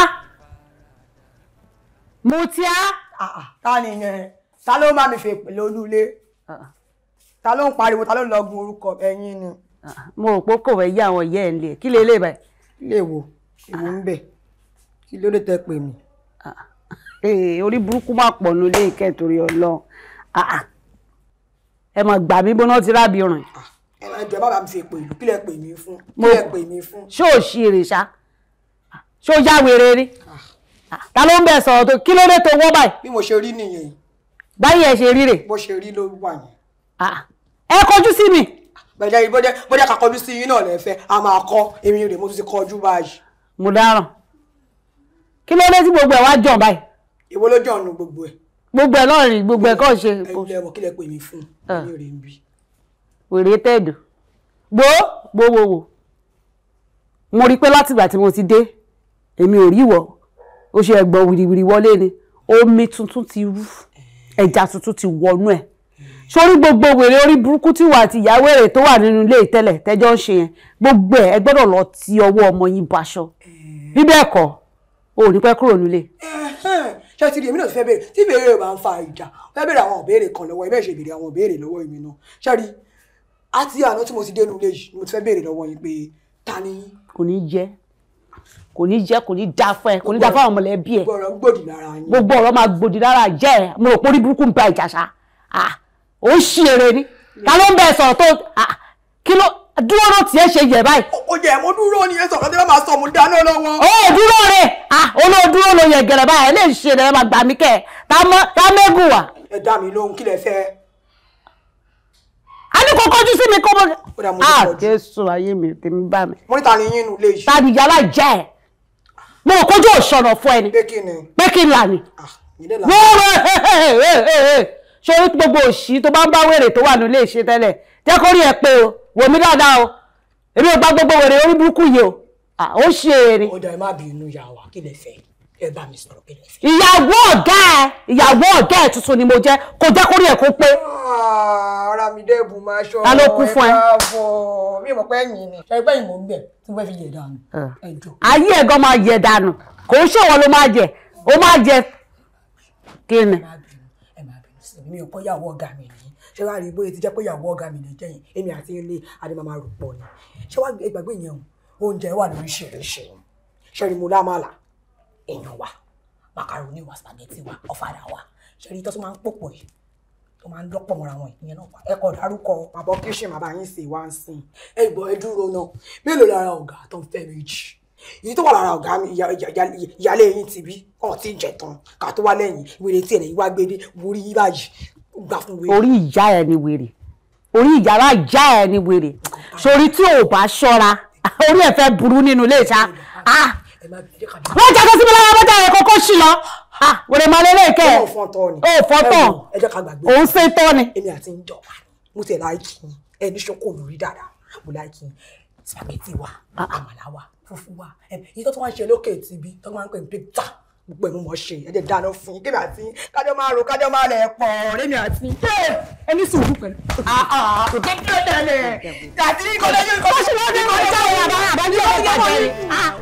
mo ti á. Ah, ah, ta ni yẹn ta ló máa mi fi pẹ̀lú olúlé ah, ta ló ń pariwo ta ló ń lọ gun orúkọ ẹyin ni. mo rò pé kò wẹ́ yá àwọn ìyá ẹ̀ ń lè kí lè lè báyìí. lè wo èwo ń bẹ̀ kí ló dé tẹ pè mí. orí burúkú máa pọ̀ nulẹ̀ ìkẹ́ torí ọlọ́run ẹ mọ̀ gbà mí ti rábì rìn ẹ̀jọ̀ bàbá mi fi pè ìlú kílẹ̀ pè mí fún kílẹ̀ pè mí fún. ṣé ò ṣì rè ṣá ṣé ó já wèrè rí ta ló ń bẹ sọ̀rọ̀ tó kí ló dé tó wọ́ báyìí. bí mo ṣe rí nìyẹn. báyìí ẹ ṣe rí rè. bó ṣe rí ló wà yẹn. ẹ kọjú sí mi. bẹ̀rẹ̀ yìí bọ́dẹ̀ ká kọjú sí yín náà lẹ́fẹ̀ẹ́ a máa kọ́ èmi rè mo tún ti kọjú báyìí. mo dáràn kí ló dé tí gbogbo ẹ wá jọ̀ báyìí. ìwọ ló jọ̀ nu gbogbo ẹ. gbogbo ẹ lọ́rìn gbogbo ẹ kọ́ ṣe. ẹ ẹ mọ̀ kílẹ̀ pè mí fún mi rè ń bí wèrè tẹ̀dù gbòó gbòówòwò mo rí i pé látìgbà tí mo ti dé èmi ò rí ìwọ ó ṣe ẹ̀gbọ́n wìrìwìrì wọlé ni omi tuntun ti rú ẹja tuntun ti wọnú ẹ̀ sórí gbogbo wèrè orí burúkú tí wà àti ìyàwó èrè tó wà nínú ilé ìtẹ́lẹ̀ tẹ́jọ́ ń ṣe yẹn gbogbo ẹ̀ ẹ gbọ́dọ̀ lọ ti ọwọ́ ọmọ yín baṣọ bíbẹ́ ẹ̀kọ́ o ò ní pẹ́ kúrò nílé. ṣé ti rí èmi náà ti fẹ́ béèrè tí béèrè bá ń fa ìjà fẹ́ béèrè àwọn ìbéèrè kan lọ́wọ́ ẹ bẹ́ẹ̀ ṣe béèrè àwọn ìbéèrè lọ́wọ́ èmi náà ṣáà rí àti àná tí mo ti dénú ilé yìí mo ti fẹ́ béèrè lọ́wọ́ yín pé ta ni. kò ní jẹ́ kò ní jẹ́ kò ní da fún ẹ kò ní da fún àwọn mọ̀lẹ́bí ẹ gbogbo ọ̀rọ̀ máa gbòdì lára jẹ́ ẹ mo rò pé orí burúkú ń ba ìjàṣà ó ń ṣí ni ta ló ń bẹ sọ̀rọ̀ tó kí ló dúró náà tiẹ̀ ṣe yẹ báyìí. o jẹ mo dúró ni ẹsọ kan tí wọn máa sọ mo dáná lọ́wọ́. o dúró rẹ olóòdúró ló yẹ gẹrẹ báyìí ẹ lè ṣe rẹ máa gbà mí kẹ ta mẹgùn wa. ẹ dá mi lóhùn kí lẹ fẹ́ a ní kò kọjú sí mi kó mo. a ah, jésù ayé mi tèmi bá mi. mo ní ta ni yín nu lè yí. tàbí yàrá ìjà ẹ mo ò kójú òṣòro fún ẹni pé kí n là ní. wọ́n ah, rẹ̀ ṣé gbogbo òṣì tó bá ń bá wèrè tó wà nílé ìṣe tẹ́lẹ̀ jẹ́ kó rí ẹ pé o wò mí dáadáa o èmi ò bá gbogbo wèrè orí burúkú yìí o ah, ó ṣe é ni. ó dà ẹ má bínú yà wá kí lè fẹ́ ẹ bá mi sọ̀rọ̀ kí lè fi. ìyàwó ọ̀gá ẹ ìyàwó ọ̀gá ẹ tuntun ni mo jẹ́ kò jẹ́ kórè ẹ̀ kó pé. ara ah, mi dẹ́bù máa ṣọ́ ẹ káàbọ̀ mi ò mọ̀ pé ẹ̀yìn ni ṣe pé ìmọ̀ ń bẹ̀ tí wọ́n fi yẹ̀ dànù. Ah. ayé ẹ̀gán máa yẹ̀ dànù kò ń ṣèwọ ló máa jẹ ó máa jẹ kí ni. ẹ máa bínú sí mi ò kọ́ ìyàwó ọ̀gá mi nìyí ṣé wàá rí bóyá ti jẹ́ pé ìyàwó ọ̀gá mi nìyí jẹ́yìn èmi àti ilé adémàmá rò pọ̀ ni ṣé wàá èèyàn wa macaroni wa spaghetti wa ọ̀fadà wa ṣẹ́rí tó tún máa ń pòpọ̀ yìí tó máa ń dọ́pọ̀ mọ́ra wọn ìyẹn náà wà. ẹ kò dárúkọ bàbá kíṣìn bàbá yín sì wá ń sìn ẹ gbọ́ ẹ dúró náà mélòó lára ọ̀gá tó ń fẹ́ méjì èyí tó wà lára ọ̀gá mi ìyálé yín ti bí ọ̀tí ìjẹ̀tàn kà tó lẹ́yìn wèrè tí ẹ̀ lẹ́yìn wá gbé dé wúrí yí báyìí gbà fún wèrè. orí ìjà ẹ ni wèrè orí ìjà rà já ẹ ni wèrè sórí tí ò bá ṣọ́ra orí ẹ fẹ́ burú nínú ilé ìta wọ́n jẹ́ kó síbi lára bọ́tà rẹ̀ kókó sí lọ wèrè máa lé lẹ́ẹ̀kẹ́ ẹ̀ ó fọ́tọ̀ òun ṣe tọ́ ni. èmi àti ń jọba mo ti láìkì ẹni ṣokò lórí dáadáa mo láìkì spaghetti wa ah, ah. àmàlà wa fùfú wa èyí tó tún ṣe lókè tìbí tó máa ń pè ní pizza gbogbo ẹ̀ mo ṣe ẹ̀dẹ̀ dáná fún yín kébì àti kájọ́ máa ro kájọ́ máa lẹ̀ pọ̀ rémi àti ẹni sùúrù pẹ̀lú. Ah, ah, ah. kò tó kí ló tẹ̀lé àti kọ́lẹ́jì kọ́lẹ́jì ló dé kọ́lẹ́jì àwọn àbá àbájú ọ̀gá jẹ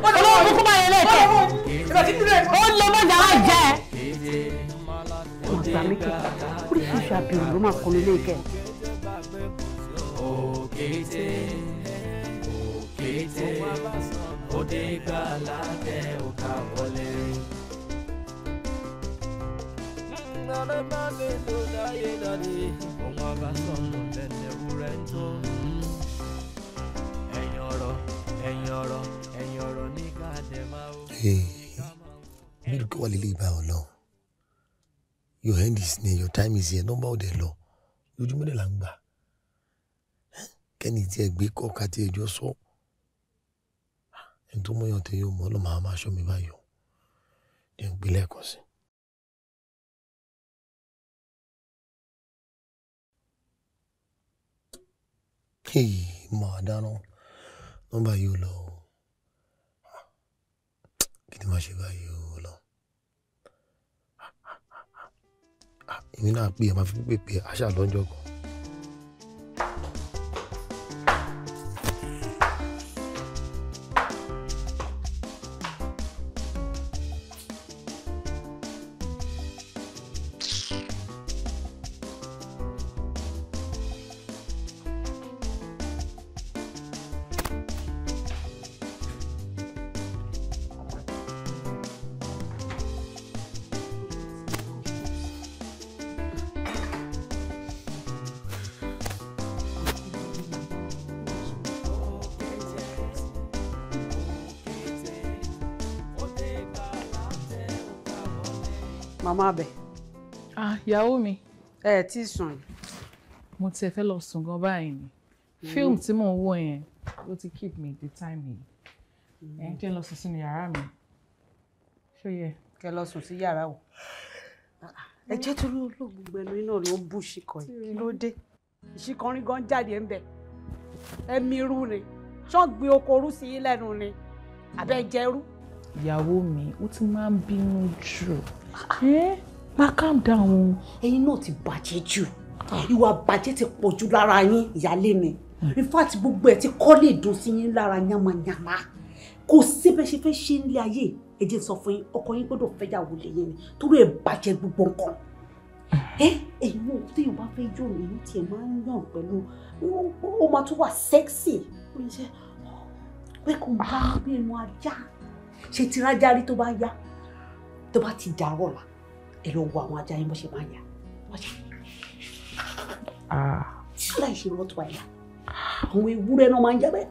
olówó kúkú bá yẹn lẹ́tẹ̀ ó lè mọ̀ dára jẹ. ìgbà mi kẹ oríṣiríṣi àbẹ̀wò ló máa kọ́ nílé kẹ. òkété òkété òdè gbàlá òkà wọlé. nana bá mi lò your hand is near your time is here nọ́mbà ọdẹ lo. lójúmọ́ dẹ̀ là ń gbà kẹ́ni tí ẹ gbé kọ́ ká tí ẹ jọ sọ ẹni tó mọ̀yàn yóò mọ̀ ọ́ lọ́ máa máa ṣọ́ mi báyọ̀ ẹ̀ ń gbé lẹ́ẹ̀kan sí Hey, máa dáná. Nọ́mbà yìí ò lọ o. Kí ni màá ṣe báyìí ò lọ? Èmi náà pè é, màá fi pípé pè màmá bẹ̀. ah ìyàwó mi. ẹ ẹ tí ì sùn. mo tiẹ̀ fẹ́ lọ sùn gan báyìí ni fíìmù tí mò ń wò yẹn ló ti keep me the time yìí mm-hmm. ẹ ń jẹ́ lọ sùn sínú yàrá mi ṣó yẹ. kẹ lọ sùn sí yàrá o ẹ jẹ́ torí olóògùn gbẹnu iná ló ń bú ṣìkọ̀ yìí kí ló dé ìṣìkọrin gan jáde ń bẹ ẹmí irú ni ṣọ́n gbin oko orú sí yín lẹ́nu ni àbẹ́ ìyàwó mi ó ti máa ń bínú jù Eh, ma, calm down o. ẹ̀yin náà ti bàjẹ́ jù ìwà bàjẹ́ ti pọ̀ jù lára yín ìyáálé mi in fact gbogbo ẹ̀ ti kọ́ lè dùn sí yín lára yamayama kò síbẹ̀ ṣe fẹ́ ṣe nílé ayé ẹ jẹ́ sọ fún yín ọkọ yín gbọ́dọ̀ fẹ́yàwó lẹ́yìn ni torí ẹ̀ bàjẹ́ gbogbo nǹkan hmm. eh, ẹ̀yin náà téèyàn bá fẹ́ yọ̀ nínú tiẹ̀ máa ń yàn pẹ̀lú ó máa tún wà sexy ó lè ṣe pé kò bá nínú ah. ajá ṣe tirajárí tó bá yá tó bá ti dàrọ̀ la ẹ lọ wo àwọn ajá yín bó ṣe máa yà aláìṣe rọtò àyà àwọn ewúrẹ́ náà máa ń jẹ́ bẹ́ẹ̀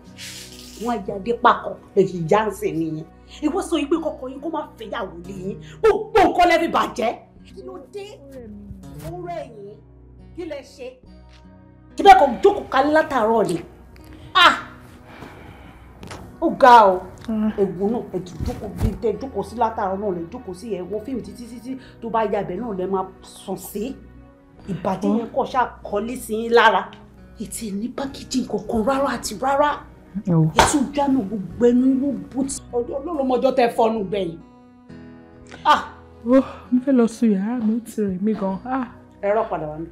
wọ́n á jáde pakọ̀ èyí jáǹsì nìyẹn ìwọ sọ yìí pé kọkọ yín kó má fẹ́yàwó lé yín gbogbo nǹkan lẹ́bi bàjẹ́. kí ló dé òwúrọ̀ ẹ̀yìn kí lẹ ṣe. tí bẹ́ẹ̀ kò jókòó kalẹ́ látàárọ̀ ni. ah ó ga o ègbò ah. náà ẹ̀tù jókòó bí tẹ jókòó sí látàárọ̀ náà lè jókòó sí ẹ̀wọ́ fíìmù títí títí tó bá ya ibẹ̀ náà lè máa sùn sí ìbàjẹ́ yẹn kọ̀ ṣàkọlé sí i lára ètò ní pákíjì kankan rárá àti rárá ètò ìdáná gbogbo ẹnu inú bùtì ọlọ́mọjọ́ tẹ fọnù gbẹ̀yìn. ah ó n fẹ́ lọ sùn yàrá mi ó ti rẹ̀ mí gan-an. Ah! ẹ̀rọ padà wá ní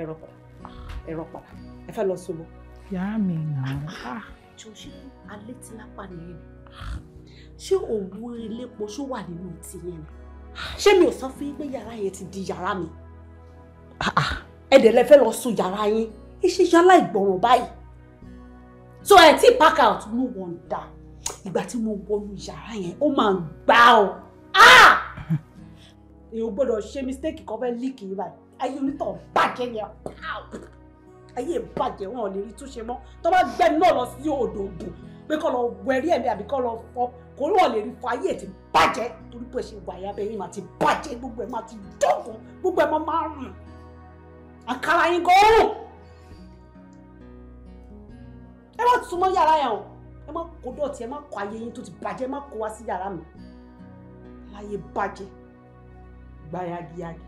ẹ̀rọ padà ẹ̀rọ padà ẹ fẹ́ lọ sùn bọ́. yàrá mi nà án. Ah! tí alẹ́ ti lápá nìyẹn ṣé òwú elépo ṣó wà nínú ti yẹn ni ṣé mi ò sọ fún yín pé yàrá yẹn ti di yàrá mi ẹ̀dẹ̀ lẹ fẹ́ lọ sùn yàrá yín iṣẹ́ yálà ìgbọ̀ràn báyìí so ẹ̀ tí pack out no wonder ìgbà tí mo wọnú yàrá yẹn ó máa ń gbá ọ èèyàn ah! gbọ́dọ̀ ṣe mistake kan fẹ́ leak yìí báyìí ayé onítọ̀ bàjẹ́ yẹn ayé bàjẹ́ wọn ò lè rí túnṣe mọ́ tó bá gbẹ́ náà lọ sí odò ògùn pé kọ́ lọ wẹrí ẹ̀mí àbí kọ́ lọ fọ kó lọ́ọ̀ lè rí fàyè ti bàjẹ́ torí pé ṣe wàyà abẹ́yìn máa ti bàjẹ́ gbogbo ẹ̀ máa ti dọ́gùn gbogbo ẹ̀ máa máa rùn àkàrà yín gan rùn ẹ má túmọ̀ yàrá yẹn o ẹ má kó dọ̀tí ẹ má kó ayé yín tó ti bàjẹ́ ẹ má kó wá sí yàrá mi láyé bàjẹ́ gbáyàgíyàgí.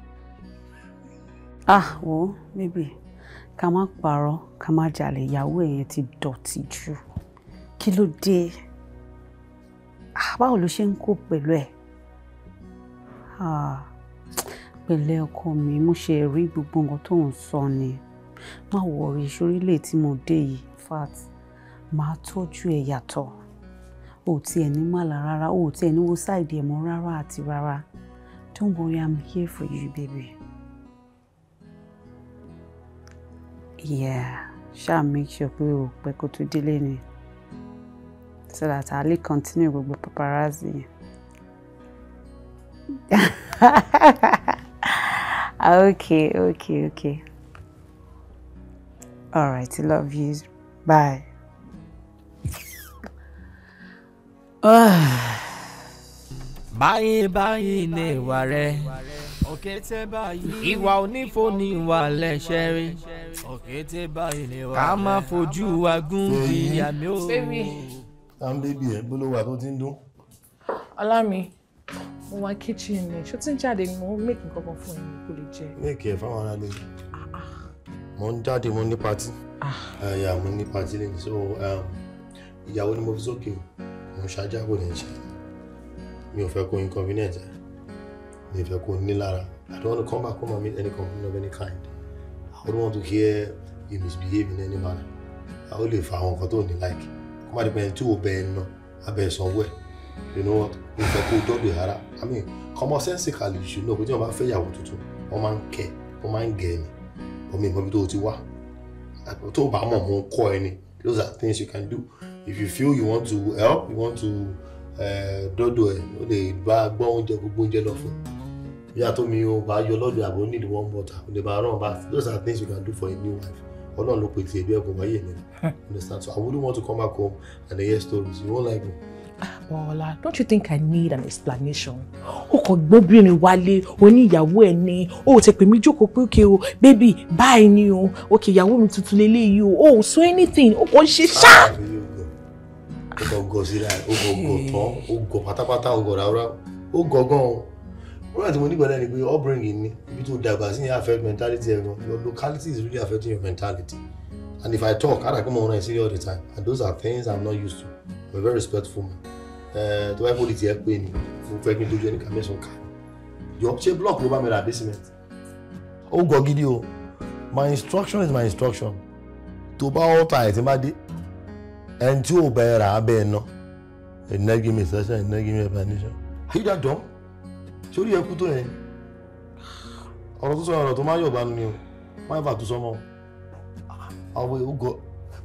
ah wo bébè ká má parọ́ ká má jalè ìyàwó ẹ̀yẹn ti dọ̀tí jù kí ló dé báwo ló ṣe ń kó pẹ̀lú ẹ̀ pẹ̀lẹ́ ọkọ mi mo ṣe rí gbogbo nǹkan tó ń sọ ni má wọrí sórílẹ̀ tí mo dé yìí fat máa tọ́jú ẹ̀ yàtọ̀ ò tiẹ̀ ní màlà rárá ò tiẹ̀ ní wo ṣáìdì ẹ̀ mọ́ rárá àti rárá don't worry i'm here for you baby. yeah ṣáà make sure pé o pẹ́ kó tó délé ni so that I continue with the paparazzi okay okay okay all right love you bye. Bye, bye, ni ìwà rẹ̀ ìwà onífòní wà lẹ́sẹ̀ rí ká má fojú agún ìyàmí o. I'm ń bébì ẹ bólówà tó ti ń dún. ọlámi mo wá kíchìn ni ṣó tí ń jáde ni mo make nǹkan kan fún ẹni kò lè jẹ. make ẹ fáwọn aráàlú ah, ah. mo ń jáde mo ní patí ẹyà ah. mo ní patí lẹ́yìn so um, ìyàwó ni mo fi sókè mo ń ṣàjáwò ní ìṣe mi ò fẹ́ kó inconvenient mi ò fẹ́ kó nílára I don't want to come back home and meet any complaint of any kind I don't want to hear you misbehave in any manner I only lè fa àwọn nǹkan tó ní like má dé pẹ́yìn tí o bẹ̀ ẹ̀ ná abẹ́ ìsanwó ẹ̀ you know what nǹkan kó dọ́dọ̀ rárá i mean common sensically you know pé tí wọ́n bá fẹ́ ìyàwó tuntun wọ́n máa ń kẹ́ wọ́n máa ń to ẹ̀ ni omi ìmọ̀ ibi tó ti wá o bá mọ̀ mọ̀ ń kọ́ ẹ ni those are things you can do if you feel you want to help you want to eh, dọ́dọ̀ ẹ̀ o lè bá gbọ́ oúnjẹ gbogbo oúnjẹ lọ fún mi o bá yọ lọ́dọ̀ àbò need one water o lè bá rán o bá those are things you can do for a new wife Ọlọ́run ló pe ti ẹbí ẹ̀kọ́ wáyé mi. Understand? So I wouldn't want to come back home and hear stories. You won't like me. Ah, Bọ́lá, don't you think I need an explanation? O kò gbóbìnrin wálé, o ní ìyàwó ẹ̀ ni, o ò ti pè mí jókòó pé òkè o, bébì báyìí ni o, òkè ìyàwó mi tuntun lélẹ́yìí o, o ò sọ anything, o kò ṣe ṣá. Ah, o kò gọ̀ síra, o kò gọ̀ tán, o gọ̀ pátápátá, o gọ̀ ráúráú, o gọ̀ gan-an wọ́n àti mo nígbà náà ni pé upbringing ni ibi tó dàgbà sí ni affect mentality ẹ̀ your locality is really affecting your mentality and if I talk I like mo ràn sí all the time and those are things I'm not used to I'm a very respectful man eh, tó bá yẹ kó di tiẹ̀ pé ni fún fẹ́ kí n dojú ẹni kà mẹ́sàn-án yọ ṣé block ló bá mi ra basement. ó gọ gidi o my instruction is my instruction tó bá ọ̀tá ẹ̀ tí má dé ẹni tí ò bẹ̀rẹ̀ rà á bẹ́ẹ̀ ná ẹ̀ nẹ́gí mi sẹ́sẹ̀ ẹ̀ nẹ́gí mi ẹ̀ bá níṣẹ́. are you that dumb? sórí ẹkú tó yẹn ọ̀rọ̀ tó sọ ọ̀rọ̀ tó máa yọ̀ bá nu ni o máa fà tó sọmọ ah, àwọn ògọ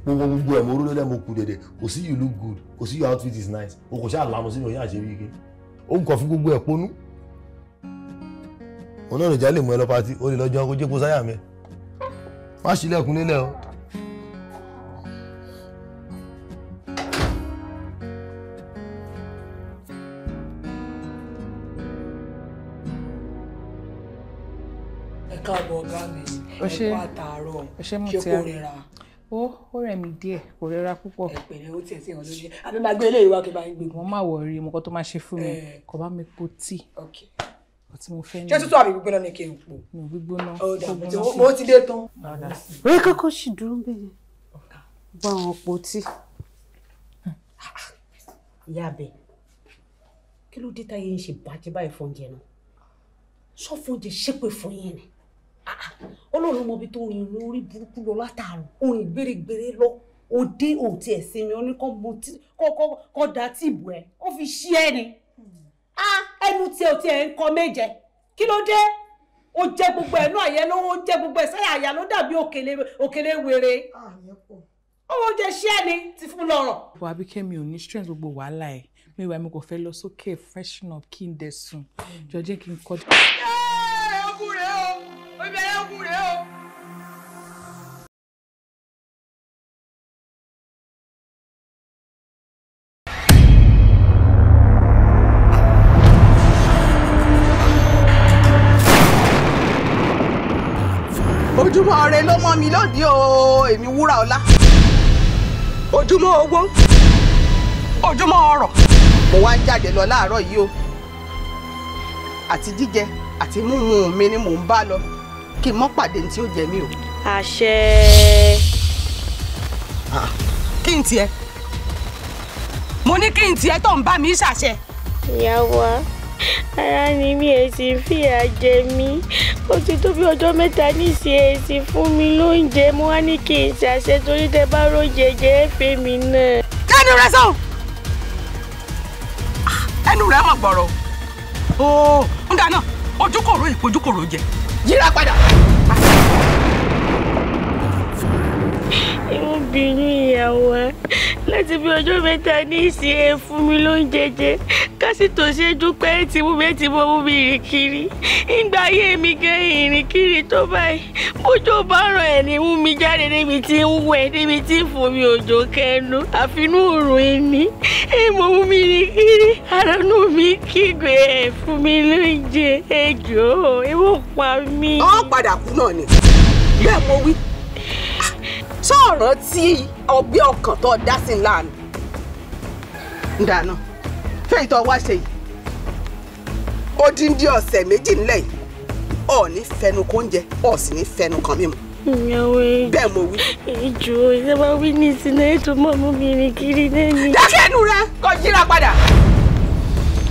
gbogbo gbogbo ẹ̀ mo rú lẹ́lẹ́ mo kù dẹ̀dẹ̀ kò sí you look good kò sí your outfit is nice o kò ṣáà lanu sínú yín àṣírí ike ó ń kọ̀ fún gbogbo ẹ̀ ponú òun náà lè já lè mú ẹ lọ pati ó lè lọ jẹun kó jẹ́ kó sáyà mi má ṣílẹ̀kùn nílẹ̀ o. ẹ̀kọ́ àtàárọ̀ ṣé kò rẹra. ó ó rẹ̀ mí díẹ̀ kò rẹra púpọ̀. ẹ pẹ̀lẹ́ ó tiẹ̀ sí ìwọ̀n lójú àbí máa gbé eléyìí wá kí n bá ń gbé. wọ́n máa wọ̀ rí mo kọ́ tó máa ṣe fún mi kò bá mi po tíì ọtí mo fẹ́ ní. ṣé tútù àbí gbígbóná ni kí n pò. mo gbígbóná gbígbóná mo ti dé tán. kí ló dé táyé ń ṣe bàjẹ́ báyìí fún oúnjẹ náà sọ fún oúnjẹ ṣépè fún yín ni olóòrùn mọbi tó rìn rìn orí burúkú lọ látàrọ orin gbèrègbèrè lọ òde òtí ẹ sinmi oní kọ da tí ìbò ẹ ó fi ṣí ẹ ni ẹnu tí òtí ẹ ń kọ méje kí ló dé ó jẹ gbogbo ẹnu àyẹ ló ó jẹ gbogbo ẹsẹ àyà ló dàbí òkèlè òkèlè wèrè owó oúnjẹ ṣí ẹ ni ti fún lọ́rọ̀. ìwà abíkẹ́ mi ò ní strength gbogbo wàhálà ẹ̀ mi ìwà mi kò fẹ́ lọ sókè freshen up kí n dẹ̀ sùn jọ kí n kọjá. Ah! omi ẹlẹ́kùn rèé o. ojúmọ́ ọrẹ ló mọ́ mi lóde o èmi wúrà ọlá ojúmọ́ owó ojúmọ́ ọrọ̀ mo wá ń jáde lọ láàárọ̀ yìí o àti jíjẹ àti mímu mi ni mò ń bá lọ kí n mọ́ pàdé tí ó jẹ mí o. àṣẹ. kí n tiẹ̀ mo ní kí n tiẹ̀ tó ń bá mi ṣàṣẹ. ìyàwó ara ni mi ẹ sì ń fìyà jẹ mí ó ti tó bí ọjọ́ mẹ́ta nísìnyí èsì fún mi lóúnjẹ mo wá ní kí n ṣàṣẹ torí tẹ bá róúnjẹ jẹ ẹ fẹ́ mi náà. lẹ́nu rẹ sọ ẹnu rẹ mọ̀ gbọ̀rọ̀ o ń dáná ojúkòrò ìpojúkòrò jẹ. 你来快点！ìmúbìnrin ìyàwó ẹ láti bí ọjọ́ mẹ́ta ní ìsìn ẹ fún mi ló ń jẹjẹ kásìtò ṣe dúpẹ́ tí mú mi ti mọ́ mú mi rìn kiri ìgbà ayé mi gan ìrìn kiri tó báyìí bójú bá ràn ẹ̀ ní mú mi jáde níbi tí ń wẹ̀ níbi tí ń fò mi òjò kẹnu àfinú òrùn ẹni ẹ mọ̀ mú mi rìn kiri àránú mi kígbe ẹ̀ fún mi ló ń jẹ ẹjọ́ ẹ wò pa mí. ó padà kú náà ni bẹ́ẹ̀ mo wí sọ̀rọ̀ tí ọgbẹ́ ọkàn tó dá sí ńlá ni. ǹdànà fẹ́yìí tó wá ṣe yìí odindi ọ̀sẹ̀ méjì ńlẹ̀ yìí ọ̀ọ́ni fẹnu kó ń jẹ ọ̀sì ní fẹnu kan mímu. ìyàwó bẹ́ẹ̀ mo wí. ìjò ìjọba wí ní ìsinmi ètò mọ́ mú mi rìn kiri lẹ́yìn. dákẹ́ ẹnu rẹ kó jíra padà.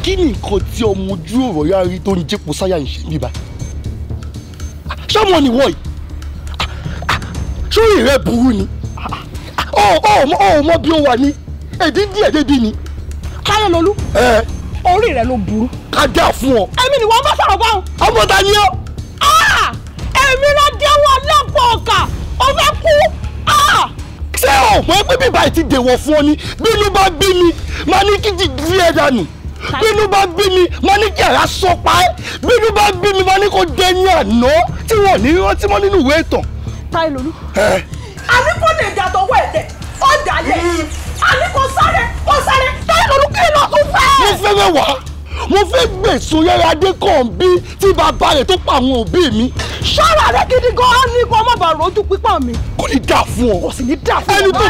kí ni nǹkan tí ọmọ ojú ọ̀rọ̀ yára rí tó ń jẹ́pọ̀ sáyà ń ṣe bíbá? ṣé ọmọ sórí rẹ burú ni ọ ọ mọ bí o wà ní èdè díẹ̀ débi ni. kárọ̀lọ́lù orí rẹ ló burú. ká dá fún ọ. èmi ni wọn bá sọ̀rọ̀ báwọn. ọmọ ta ni ọ. èmi ló jẹ́wọ́ lọ́pọ̀ ọ̀kà ó fẹ́ kú. ṣé o mọ̀ pé bíbá ti dèwọ̀ fún ọ ni bínú bá bí mi máa ní kí ti di ẹ dànù bínú bá bí mi máa ní kí ara sọ pa ẹ bínú bá bí mi máa ní kó dé ní àná tí wọn ò ní rántí mọ́ nínú ìwé ìtàn táyé lolú. àní kò lè jà tọwọ́ ẹ̀ dẹ̀ ó dalẹ̀ àní mm. sáré kò sáré táyé kí ló tún fẹ́. mo fẹ́ fẹ́ wá mo fẹ́ gbèsò yẹra adékọ̀ọ́bí tí bàbá rẹ̀ tó pa àwọn òbí mi. ṣọ́ra rẹ gidi gan-an ni kó má bàa rojú pípọ̀ mi. kò ní dà fún ọ. kò sì ní dà fún ọ.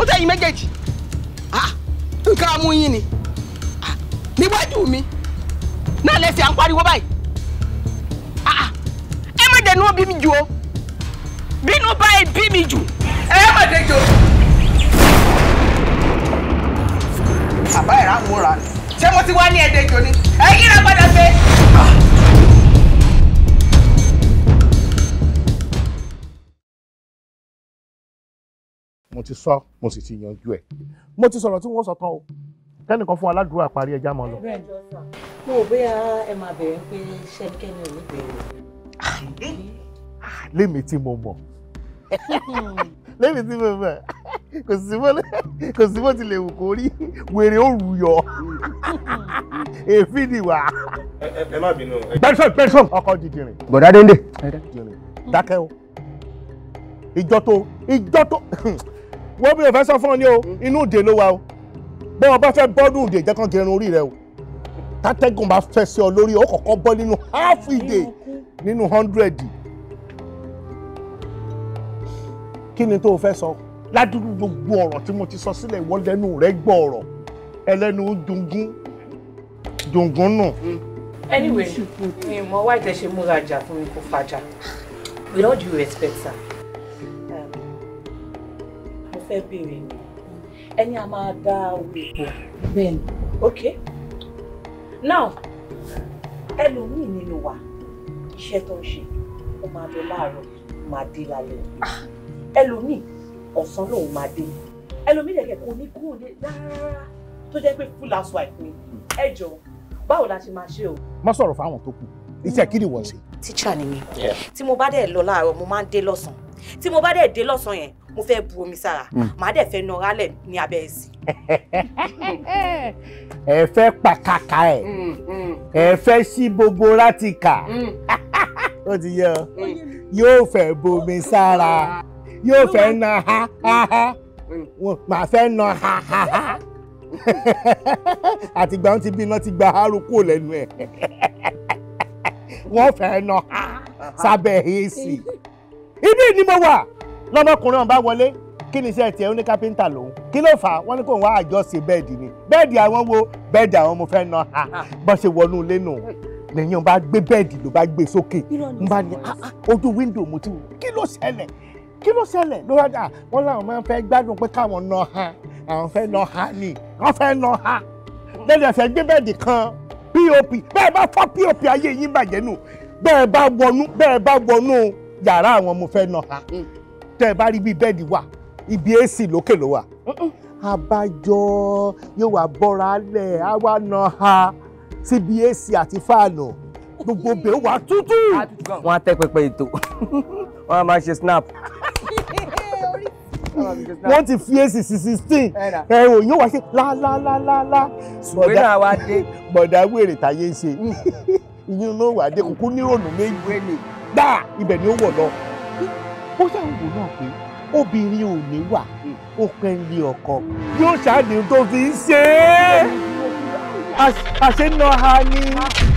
ó tẹ̀ méjèèjì nǹkan amúyín ni níwájú mi náà lẹ́sẹ̀ à ń pariwo báyìí deɛ no bi mi ju o bi no ba yɛ bi mi ju. ɛyɛ ma de jo. bàbá yẹn á múra ṣé mo ti wá ní ẹ̀dẹ̀ jò ni ẹ yíra padà pé. mo ti sọ mo sì ti yanjú ẹ mo ti sọ̀rọ̀ tí wọ́n sọ tán o kẹ́nìkan fún aládùúrà parí ẹja mọ́ lọ. mo ò bóyá ẹ máa bẹ̀rẹ̀ pé ṣẹ́nikẹ́ni ò ní bẹ̀rẹ̀ lémi tí mo mọ̀ lémi tí mo mọ̀ kò sí bó kò sí bó ti lè wù kó rí wèrè òrù yọ èéfín nìwà. ẹ má bínú. gbẹ́sọ̀n gbẹ́sọ̀n ọkọ̀ dìdìrìn. bọ̀dá dénde. dákẹ́ o ìjọ tó ìjọ tó wọ́n bí o fẹ́ sọ fún ọ ní o inú ìdè ló wà o bọ́ ọ bá fẹ́ bọ́dún ìdè jẹ́ kán gẹrun orí rẹ o tátẹ́gùn bá fẹ́ sí ọ lórí o kọ̀kọ́ bọ́ nínú háàfù ìdè nínú hundred kí ni tó o fẹ́ sọ ládùúgbò gbogbo ọ̀rọ̀ tí mo ti sọ sílẹ̀ ìwọ lẹ́nu rẹ gbọ́ ọ̀rọ̀ ẹlẹ́nu dùngún dùngún nù. anyway mi mọ wá ìtẹ̀sẹ̀ múra jà fún mi kó fàjà with all due respect sir um, mo fẹ́ béèrè ni ẹni a máa dá owó ipò bẹ́ẹ̀ ni ok now ẹlòmíì nínú wa iṣẹ́ tó ń ṣe ó máa lọ láàárọ̀ máa dé lálẹ́ ah! ẹlòmíì ọ̀sán lòun máa dé ẹlòmíì lẹ̀kẹ̀ kò ní kúrò ní rárá tó jẹ́ pé full housewife ni ẹ jọ báwo la ṣe máa ṣe o. má sọ̀rọ̀ fáwọn tó kù iṣẹ́ kí ni wọ́n ṣe. tíṣà ni mi tí mo bá dẹ̀ lọ láàárọ̀ mo máa ń dé lọ́sàn-án tí mo bá dẹ̀ dé lọ́sàn-án yẹn mo fẹ́ bu omi sára hmm. màá dẹ̀ fẹ́ nọra lẹ̀ ní abẹ́ ẹ̀sìn. ẹ fẹ́ pàkàkà ẹ̀ hmm, hmm. ẹ fẹ́ sí gbogbo rátìkà ó ti yẹ ọ yóò fẹ́ bomi sára yóò fẹ́ na ha ha ha màá fẹ́ na ha ha ha àtìgbà wọn ti bí iná ti gba aró kúrò lẹ́nu ẹ̀ wọ́n fẹ́ na ha sábẹ́ èsì ibi ni mo wà lọ́mọkùnrin ọ̀n bá wọlé kí ni iṣẹ́ tiẹ̀ ó ní kápẹ́ńtà lòun kí ló fà á wọ́n ní kó wá àjọṣe bẹ́ẹ̀dì ni bẹ́ẹ̀dì àwọn wo bẹ́ẹ̀dì àwọn mo fẹ́ na ha bọ́ ṣe wọnú ilé nù lẹ́yìn ọba gbé bẹ́ẹ̀dì ló bá gbé sókè n bá ní ojú wíńdò mo ti wò kí ló ṣẹlẹ̀ kí ló ṣẹlẹ̀ ló wá dà wọ́n làwọn máa ń fẹ́ gbádùn pé káwọn na ha àwọn fẹ́ na ha ni wọ́n fẹ́ na ha lẹ́yìn ẹ̀fẹ́ gbé bẹ́ẹ̀dì kan pop bẹ́ẹ̀ bá fọ́ pop ayé yín bàjẹ́ nù bẹ́ẹ̀ bá wọnú bẹ́ẹ̀ bá wọnú yàrá àwọn mo fẹ́ na ha. Hmm tẹ́ ẹ bá rí bí bẹ́ẹ̀dì wà ibi ac lókè ló wà. àbájọ yóò wá bọ́ra lẹ̀ á wá na ha síbi ac àti fáànù gbogbo bẹ́ẹ̀ wà tútù. wọ́n á tẹ́ pẹpẹ ètò wọ́n á máa ṣe snap wọ́n ti fi èsì sí sixteen ẹ̀rọ yóò wá ṣe lálálálá. ìwé náà wá dé. bọ̀dà wèrè táyé ṣe mm. ìyún ló wà dé kúkú nírònú méjì gbà ibẹ̀ ni ó wọ̀ lọ ó ṣàwò náà pé obìnrin ò ní wà hmm. ó pẹ́ ń lé ọkọ yóò ṣáà tó fi ń ṣe é àṣẹ náà ha ni. Ah.